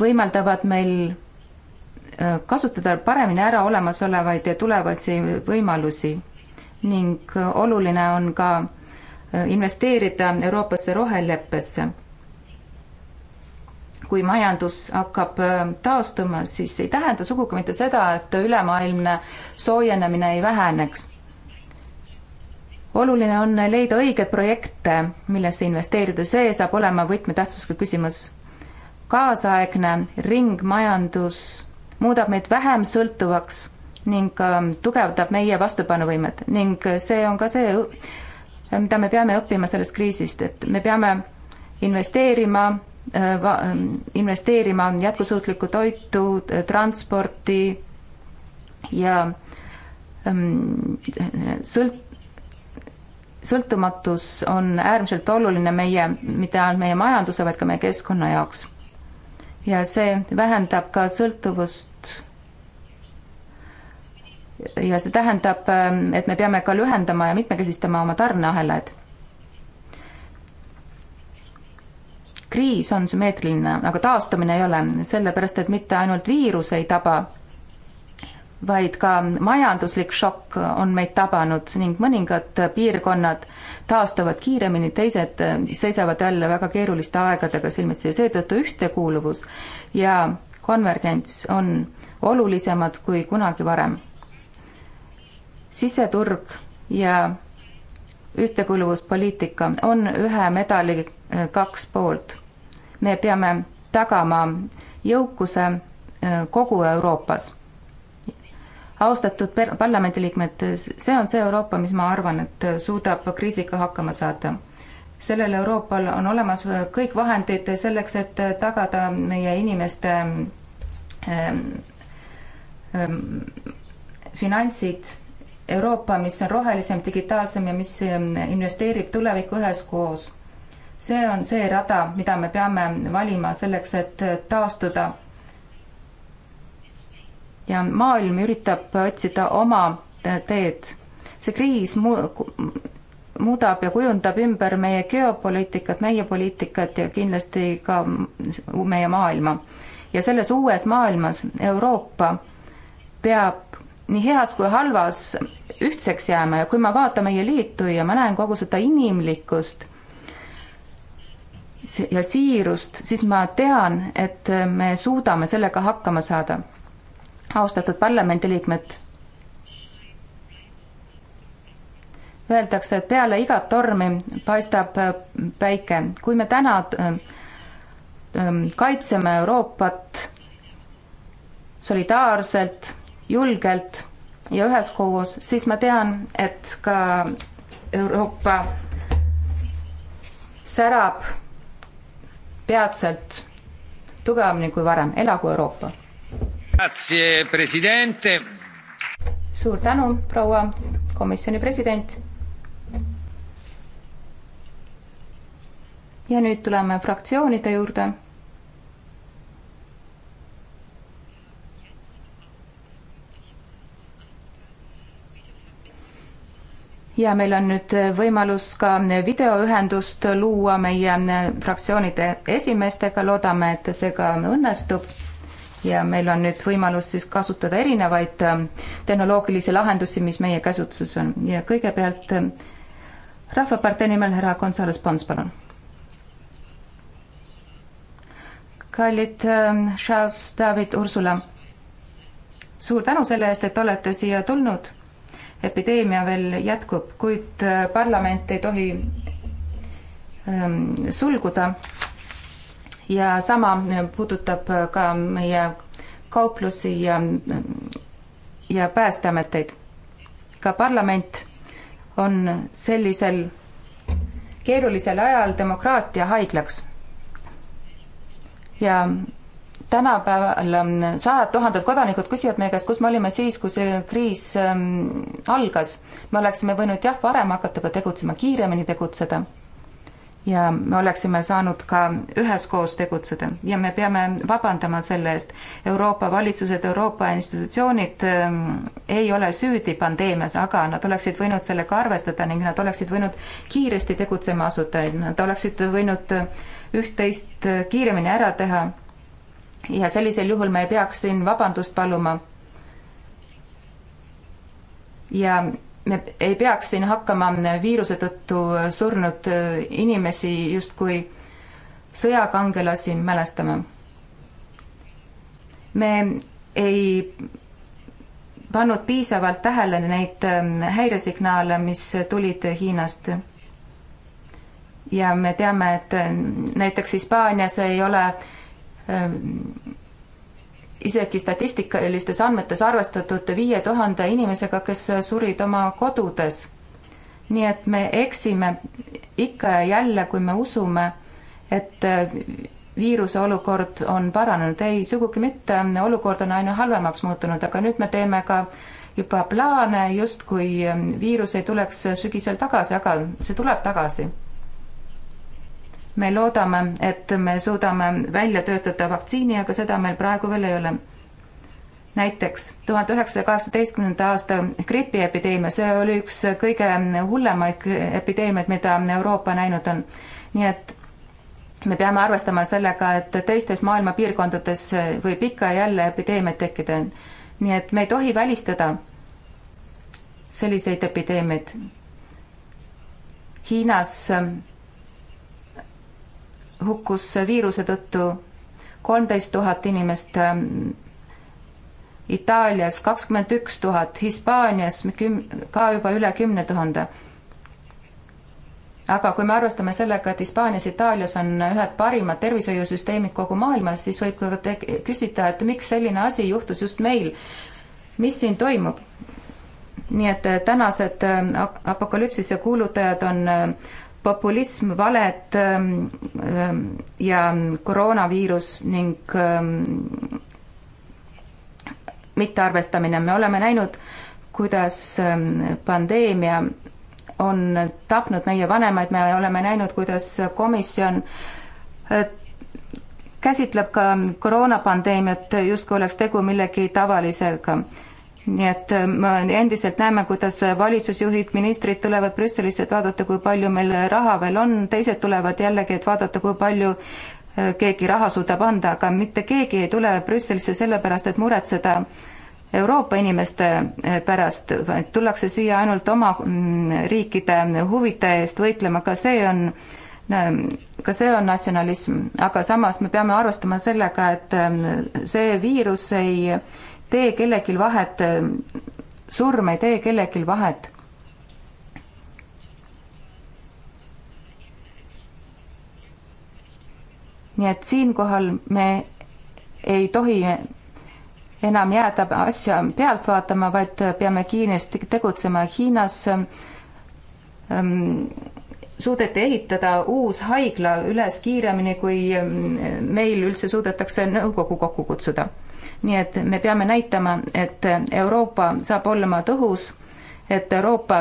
võimaldavad meil äh, kasutada paremini ära olemasolevaid ja tulevasi võimalusi ning äh, oluline on ka äh, investeerida Euroopasse roheleppesse. kui majandus hakkab taastuma, siis ei tähenda sugugi mitte seda, et ülemaailmne soojenemine ei väheneks oluline on leida õigeid projekte, millesse investeerida, see saab olema võtmetähtsusega küsimus. kaasaegne ringmajandus muudab meid vähem sõltuvaks ning tugevdab meie vastupanuvõimet ning see on ka see, mida me peame õppima sellest kriisist, et me peame investeerima, äh, investeerima jätkusuutlikku toitu, transporti ja ähm, sõlt-, sõltumatus on äärmiselt oluline meie, mitte ainult meie majanduse, vaid ka meie keskkonna jaoks. ja see vähendab ka sõltuvust. ja see tähendab, et me peame ka lühendama ja mitmekesistama oma tarneahelaid. kriis on sümmeetriline, aga taastumine ei ole, sellepärast et mitte ainult viirus ei taba vaid ka majanduslik šokk on meid tabanud ning mõningad piirkonnad taastuvad kiiremini, teised seisavad jälle väga keeruliste aegadega silmitsi ja seetõttu ühtekuuluvus ja konvergents on olulisemad kui kunagi varem. siseturg ja ühtekuuluvuspoliitika on ühe medali kaks poolt. me peame tagama jõukuse kogu Euroopas austatud per-, parlamendiliikmed, see on see Euroopa, mis ma arvan, et suudab kriisiga hakkama saada. sellel Euroopal on olemas kõik vahendid selleks, et tagada meie inimeste ähm, ähm, finantsid, Euroopa, mis on rohelisem, digitaalsem ja mis ähm, investeerib tulevikku üheskoos. see on see rada, mida me peame valima selleks, et taastuda ja maailm üritab otsida oma teed. see kriis mu-, muudab ja kujundab ümber meie geopoliitikat, meie poliitikat ja kindlasti ka meie maailma. ja selles uues maailmas Euroopa peab nii heas kui halvas ühtseks jääma ja kui ma vaatan meie liitu ja ma näen kogu seda inimlikkust ja siirust, siis ma tean, et me suudame sellega hakkama saada austatud parlamendiliikmed. Öeldakse, et peale igat tormi paistab äh, päike. kui me täna äh, äh, kaitseme Euroopat solidaarselt, julgelt ja üheskoos, siis ma tean, et ka Euroopa särab peatselt tugevamini kui varem. elagu Euroopa! suur tänu, proua komisjoni president. ja nüüd tuleme fraktsioonide juurde. ja meil on nüüd võimalus ka videoühendust luua meie fraktsioonide esimeestega, loodame, et see ka õnnestub ja meil on nüüd võimalus siis kasutada erinevaid ähm, tehnoloogilisi lahendusi, mis meie käsutuses on ja kõigepealt ähm, Rahvapartei nimel härra Gonzales Pons, palun. kallid ähm, Charles David Ursula, suur tänu selle eest, et olete siia tulnud. epideemia veel jätkub, kuid äh, parlament ei tohi ähm, sulguda ja sama äh, puudutab äh, ka meie kauplusi ja, äh, ja päästeameteid. ka parlament on sellisel keerulisel ajal demokraatia haiglaks. ja tänapäeval ähm, sajad tuhanded kodanikud küsivad meie käest, kus me olime siis, kui see kriis ähm, algas. me oleksime võinud jah, varem hakata juba tegutsema, kiiremini tegutseda ja me oleksime saanud ka üheskoos tegutseda ja me peame vabandama selle eest. Euroopa valitsused, Euroopa institutsioonid äh, ei ole süüdi pandeemias, aga nad oleksid võinud sellega arvestada ning nad oleksid võinud kiiresti tegutsema asuda, nad oleksid võinud äh, üht-teist äh, kiiremini ära teha. ja sellisel juhul me ei peaks siin vabandust paluma. ja me ei peaks siin hakkama viiruse tõttu surnud äh, inimesi justkui sõjakangelasi mälestama. me ei pannud piisavalt tähele neid ähm, häiresignaale, mis tulid Hiinast. ja me teame, et äh, näiteks Hispaanias ei ole ähm, isegi statistikalistes andmetes arvestatud viie tuhande inimesega, kes surid oma kodudes. nii et me eksime ikka ja jälle, kui me usume, et viiruse olukord on paranenud, ei, sugugi mitte, olukord on aina halvemaks muutunud, aga nüüd me teeme ka juba plaane, justkui viirus ei tuleks sügisel tagasi, aga see tuleb tagasi me loodame, et me suudame välja töötada vaktsiini, aga seda meil praegu veel ei ole. näiteks tuhande üheksasaja kaheksateistkümnenda aasta gripiepideemia, see oli üks kõige hullemaid epideemiaid, mida Euroopa näinud on. nii et me peame arvestama sellega, et teistes maailma piirkondades võib ikka ja jälle epideemiaid tekkida. nii et me ei tohi välistada selliseid epideemiaid. Hiinas hukkus viiruse tõttu kolmteist tuhat inimest ähm, Itaalias kakskümmend üks tuhat, Hispaanias küm-, ka juba üle kümne tuhande. aga kui me arvestame sellega, et Hispaanias, Itaalias on ühed parimad tervishoiusüsteemid kogu maailmas, siis võib ka küsida, et miks selline asi juhtus just meil. mis siin toimub? nii et tänased äh, apokalüpsise kuulutajad on äh, populism, valed ähm, ähm, ja koroonaviirus ning ähm, mittearvestamine, me oleme näinud, kuidas pandeemia on tapnud meie vanemaid, me oleme näinud, kuidas komisjon äh, käsitleb ka koroonapandeemiat justkui oleks tegu millegi tavalisega nii et äh, me endiselt näeme, kuidas äh, valitsusjuhid, ministrid tulevad Brüsselisse, et vaadata, kui palju meil raha veel on, teised tulevad jällegi, et vaadata, kui palju äh, keegi raha suudab anda, aga mitte keegi ei tule Brüsselisse sellepärast, et muretseda Euroopa inimeste pärast, vaid tullakse siia ainult oma mm, riikide huvide eest võitlema, ka see on ähm, ka see on natsionalism, aga samas me peame arvestama sellega, et ähm, see viirus ei tee kellelgi vahet, surm ei tee kellelgi vahet. nii et siinkohal me ei tohi enam jääda asja pealt vaatama, vaid peame kiiresti tegutsema. Hiinas ähm, suudeti ehitada uus haigla üles kiiremini, kui ähm, meil üldse suudetakse nõukogu kokku kutsuda nii et me peame näitama, et Euroopa saab olema tõhus, et Euroopa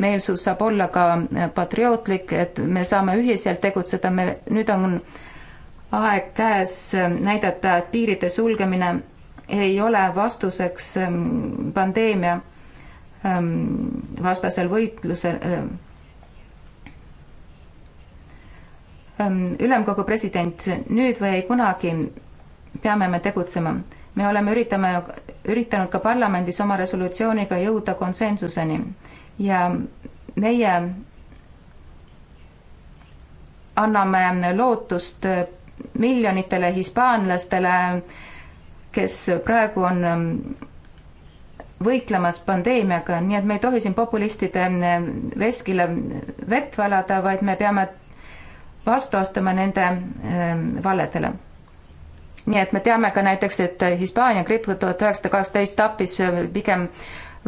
meelsus saab olla ka patriootlik, et me saame ühiselt tegutseda, me, nüüd on aeg käes näidata, et piiride sulgemine ei ole vastuseks ähm, pandeemia ähm, vastasel võitlusel. Ähm, ülemkogu president, nüüd või ei kunagi peame me tegutsema me oleme üritame, üritanud ka parlamendis oma resolutsiooniga jõuda konsensuseni ja meie anname lootust miljonitele hispaanlastele, kes praegu on võitlemas pandeemiaga, nii et me ei tohi siin populistide veskile vett valada, vaid me peame vastu astuma nende eh, valedele nii et me teame ka näiteks, et Hispaania gripp tuhat üheksasada kaheksateist tappis äh, pigem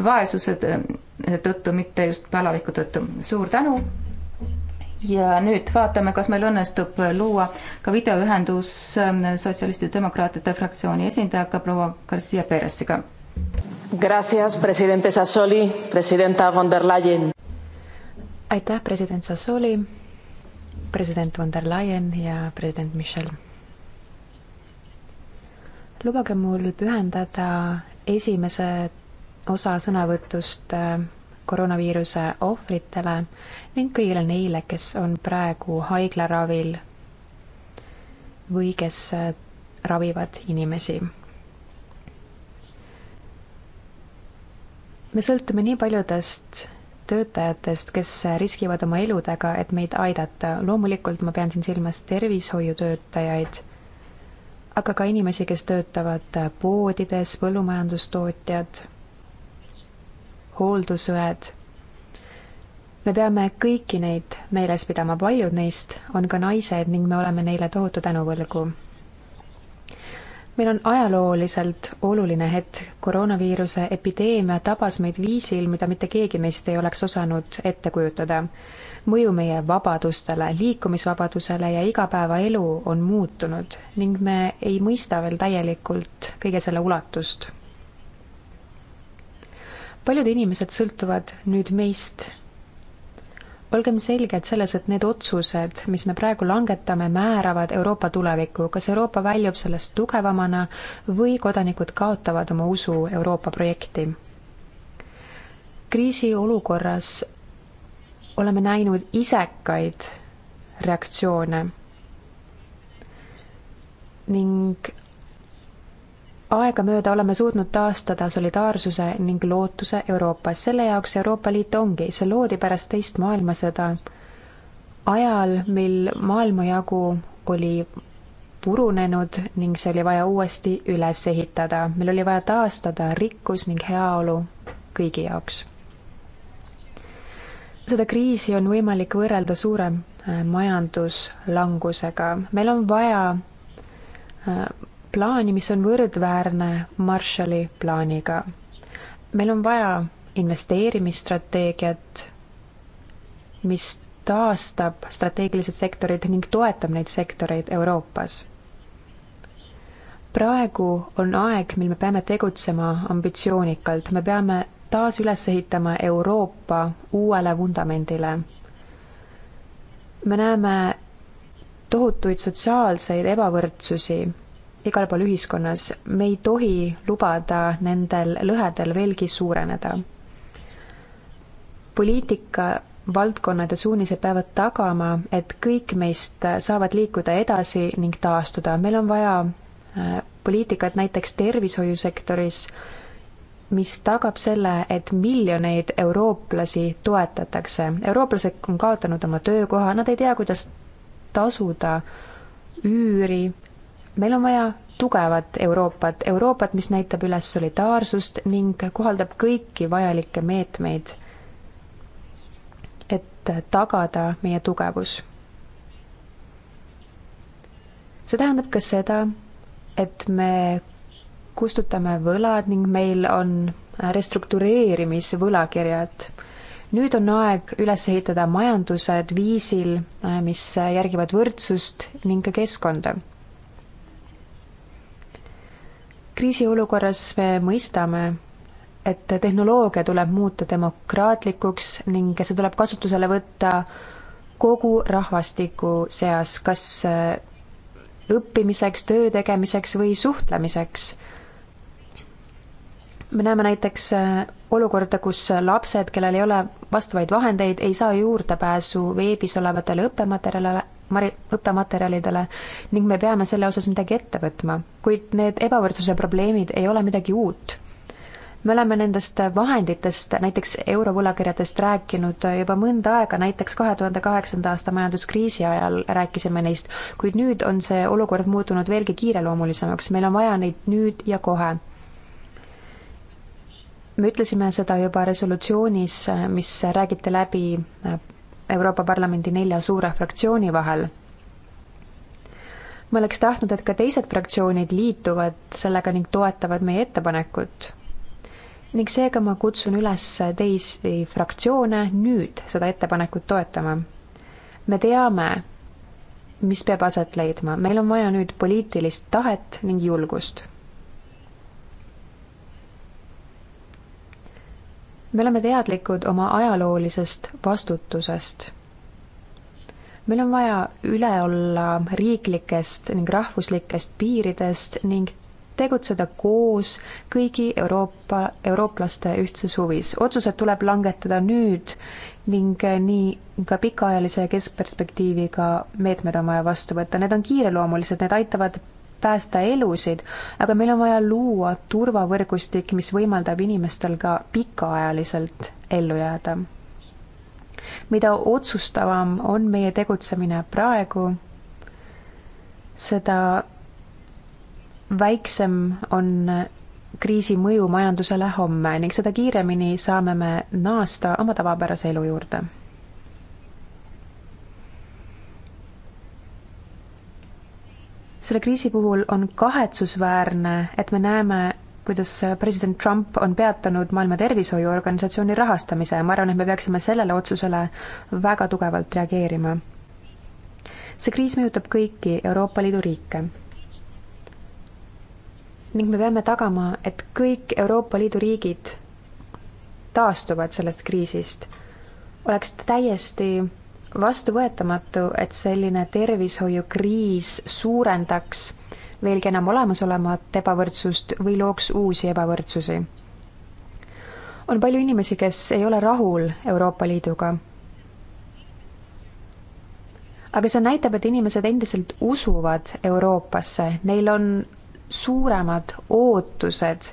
vaesuse tõttu, mitte just palaviku tõttu. suur tänu. ja nüüd vaatame, kas meil õnnestub luua ka videoühendus ähm, sotsialistide demokraatide fraktsiooni esindajaga proua Garcia Peresiga. Gracias, presidente Sassoli, presidenta von der Leyen. aitäh, president Sassoli, president von der Leyen ja president Michel lubage mul pühendada esimese osa sõnavõtust äh, koroonaviiruse ohvritele ning kõigile neile, kes on praegu haiglaravil või kes äh, ravivad inimesi. me sõltume nii paljudest töötajatest, kes riskivad oma eludega, et meid aidata. loomulikult ma pean siin silmas tervishoiutöötajaid aga ka inimesi, kes töötavad äh, poodides, põllumajandustootjad, hooldusõed. me peame kõiki neid meeles pidama, paljud neist on ka naised ning me oleme neile tohutu tänu võlgu. meil on ajalooliselt oluline hetk, koroonaviiruse epideemia tabas meid viisil, mida mitte keegi meist ei oleks osanud ette kujutada mõju meie vabadustele, liikumisvabadusele ja igapäevaelu on muutunud ning me ei mõista veel täielikult kõige selle ulatust. paljud inimesed sõltuvad nüüd meist. olgem selged selles, et need otsused, mis me praegu langetame, määravad Euroopa tulevikku, kas Euroopa väljub sellest tugevamana või kodanikud kaotavad oma usu Euroopa projekti kriisiolukorras oleme näinud isekaid reaktsioone ning aegamööda oleme suutnud taastada solidaarsuse ning lootuse Euroopas. selle jaoks Euroopa Liit ongi, see loodi pärast teist maailmasõda, ajal, mil maailmajagu oli purunenud ning see oli vaja uuesti üles ehitada. meil oli vaja taastada rikkus ning heaolu kõigi jaoks seda kriisi on võimalik võrrelda suure äh, majanduslangusega. meil on vaja äh, plaani, mis on võrdväärne Marshalli plaaniga. meil on vaja investeerimisstrateegiat, mis taastab strateegilised sektorid ning toetab neid sektoreid Euroopas. praegu on aeg, mil me peame tegutsema ambitsioonikalt, me peame taas üles ehitama Euroopa uuele vundamendile. me näeme tohutuid sotsiaalseid ebavõrdsusi igal pool ühiskonnas, me ei tohi lubada nendel lõhedel veelgi suureneda. poliitika valdkonnad ja suunised peavad tagama, et kõik meist saavad liikuda edasi ning taastuda, meil on vaja äh, poliitikat näiteks tervishoiusektoris, mis tagab selle, et miljoneid eurooplasi toetatakse. eurooplased on kaotanud oma töökoha, nad ei tea, kuidas tasuda üüri. meil on vaja tugevat Euroopat, Euroopat, mis näitab üles solidaarsust ning kohaldab kõiki vajalikke meetmeid, et tagada meie tugevus. see tähendab ka seda, et me kustutame võlad ning meil on restruktureerimisvõlakirjad. nüüd on aeg üles ehitada majandused viisil, äh, mis järgivad võrdsust ning ka keskkonda kriisiolukorras me mõistame, et tehnoloogia tuleb muuta demokraatlikuks ning see tuleb kasutusele võtta kogu rahvastiku seas, kas äh, õppimiseks, töö tegemiseks või suhtlemiseks me näeme näiteks äh, olukorda, kus äh, lapsed, kellel ei ole vastavaid vahendeid, ei saa juurdepääsu veebis olevatele õppematerjalile, õppematerjalidele ning me peame selle osas midagi ette võtma. kuid need ebavõrdsuse probleemid ei ole midagi uut. me oleme nendest vahenditest, näiteks eurovõlakirjadest rääkinud äh, juba mõnda aega, näiteks kahe tuhande kaheksanda aasta majanduskriisi ajal rääkisime neist, kuid nüüd on see olukord muutunud veelgi kiireloomulisemaks, meil on vaja neid nüüd ja kohe me ütlesime seda juba resolutsioonis, mis räägiti läbi Euroopa Parlamendi nelja suure fraktsiooni vahel. ma oleks tahtnud, et ka teised fraktsioonid liituvad sellega ning toetavad meie ettepanekut. ning seega ma kutsun üles teisi fraktsioone nüüd seda ettepanekut toetama. me teame, mis peab aset leidma, meil on vaja nüüd poliitilist tahet ning julgust me oleme teadlikud oma ajaloolisest vastutusest. meil on vaja üle olla riiklikest ning rahvuslikest piiridest ning tegutseda koos kõigi Euroopa, eurooplaste ühtses huvis. otsused tuleb langetada nüüd ning nii ka pikaajalise ja keskperspektiiviga meetmed on vaja vastu võtta. Need on kiireloomulised, need aitavad päästa elusid, aga meil on vaja luua turvavõrgustik, mis võimaldab inimestel ka pikaajaliselt ellu jääda. mida otsustavam on meie tegutsemine praegu, seda väiksem on kriisi mõju majandusele homme ning seda kiiremini saame me naasta oma tavapärase elu juurde selle kriisi puhul on kahetsusväärne, et me näeme, kuidas president Trump on peatanud Maailma Tervishoiuorganisatsiooni rahastamise ja ma arvan, et me peaksime sellele otsusele väga tugevalt reageerima. see kriis mõjutab kõiki Euroopa Liidu riike. ning me peame tagama, et kõik Euroopa Liidu riigid taastuvad sellest kriisist, oleks täiesti vastuvõetamatu, et selline tervishoiukriis suurendaks veelgi enam olemasolevat ebavõrdsust või looks uusi ebavõrdsusi. on palju inimesi, kes ei ole rahul Euroopa Liiduga. aga see näitab, et inimesed endiselt usuvad Euroopasse, neil on suuremad ootused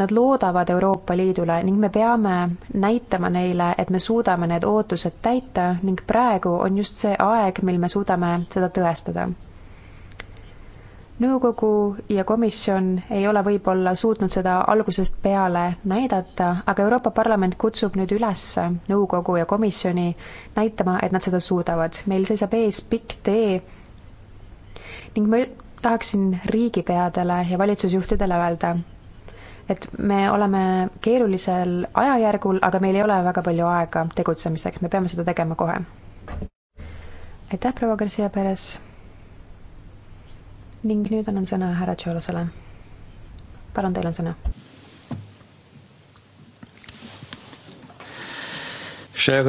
Nad loodavad Euroopa Liidule ning me peame näitama neile, et me suudame need ootused täita ning praegu on just see aeg, mil me suudame seda tõestada. nõukogu ja komisjon ei ole võib-olla suutnud seda algusest peale näidata, aga Euroopa Parlament kutsub nüüd üles nõukogu ja komisjoni näitama, et nad seda suudavad. meil seisab ees pikk tee ning ma tahaksin riigipeadele ja valitsusjuhtidele öelda, et me oleme keerulisel ajajärgul, aga meil ei ole väga palju aega tegutsemiseks, me peame seda tegema kohe. aitäh, proua Garcia Perez. ning nüüd annan sõna härra Tšolosele. palun, teil on sõna. Cher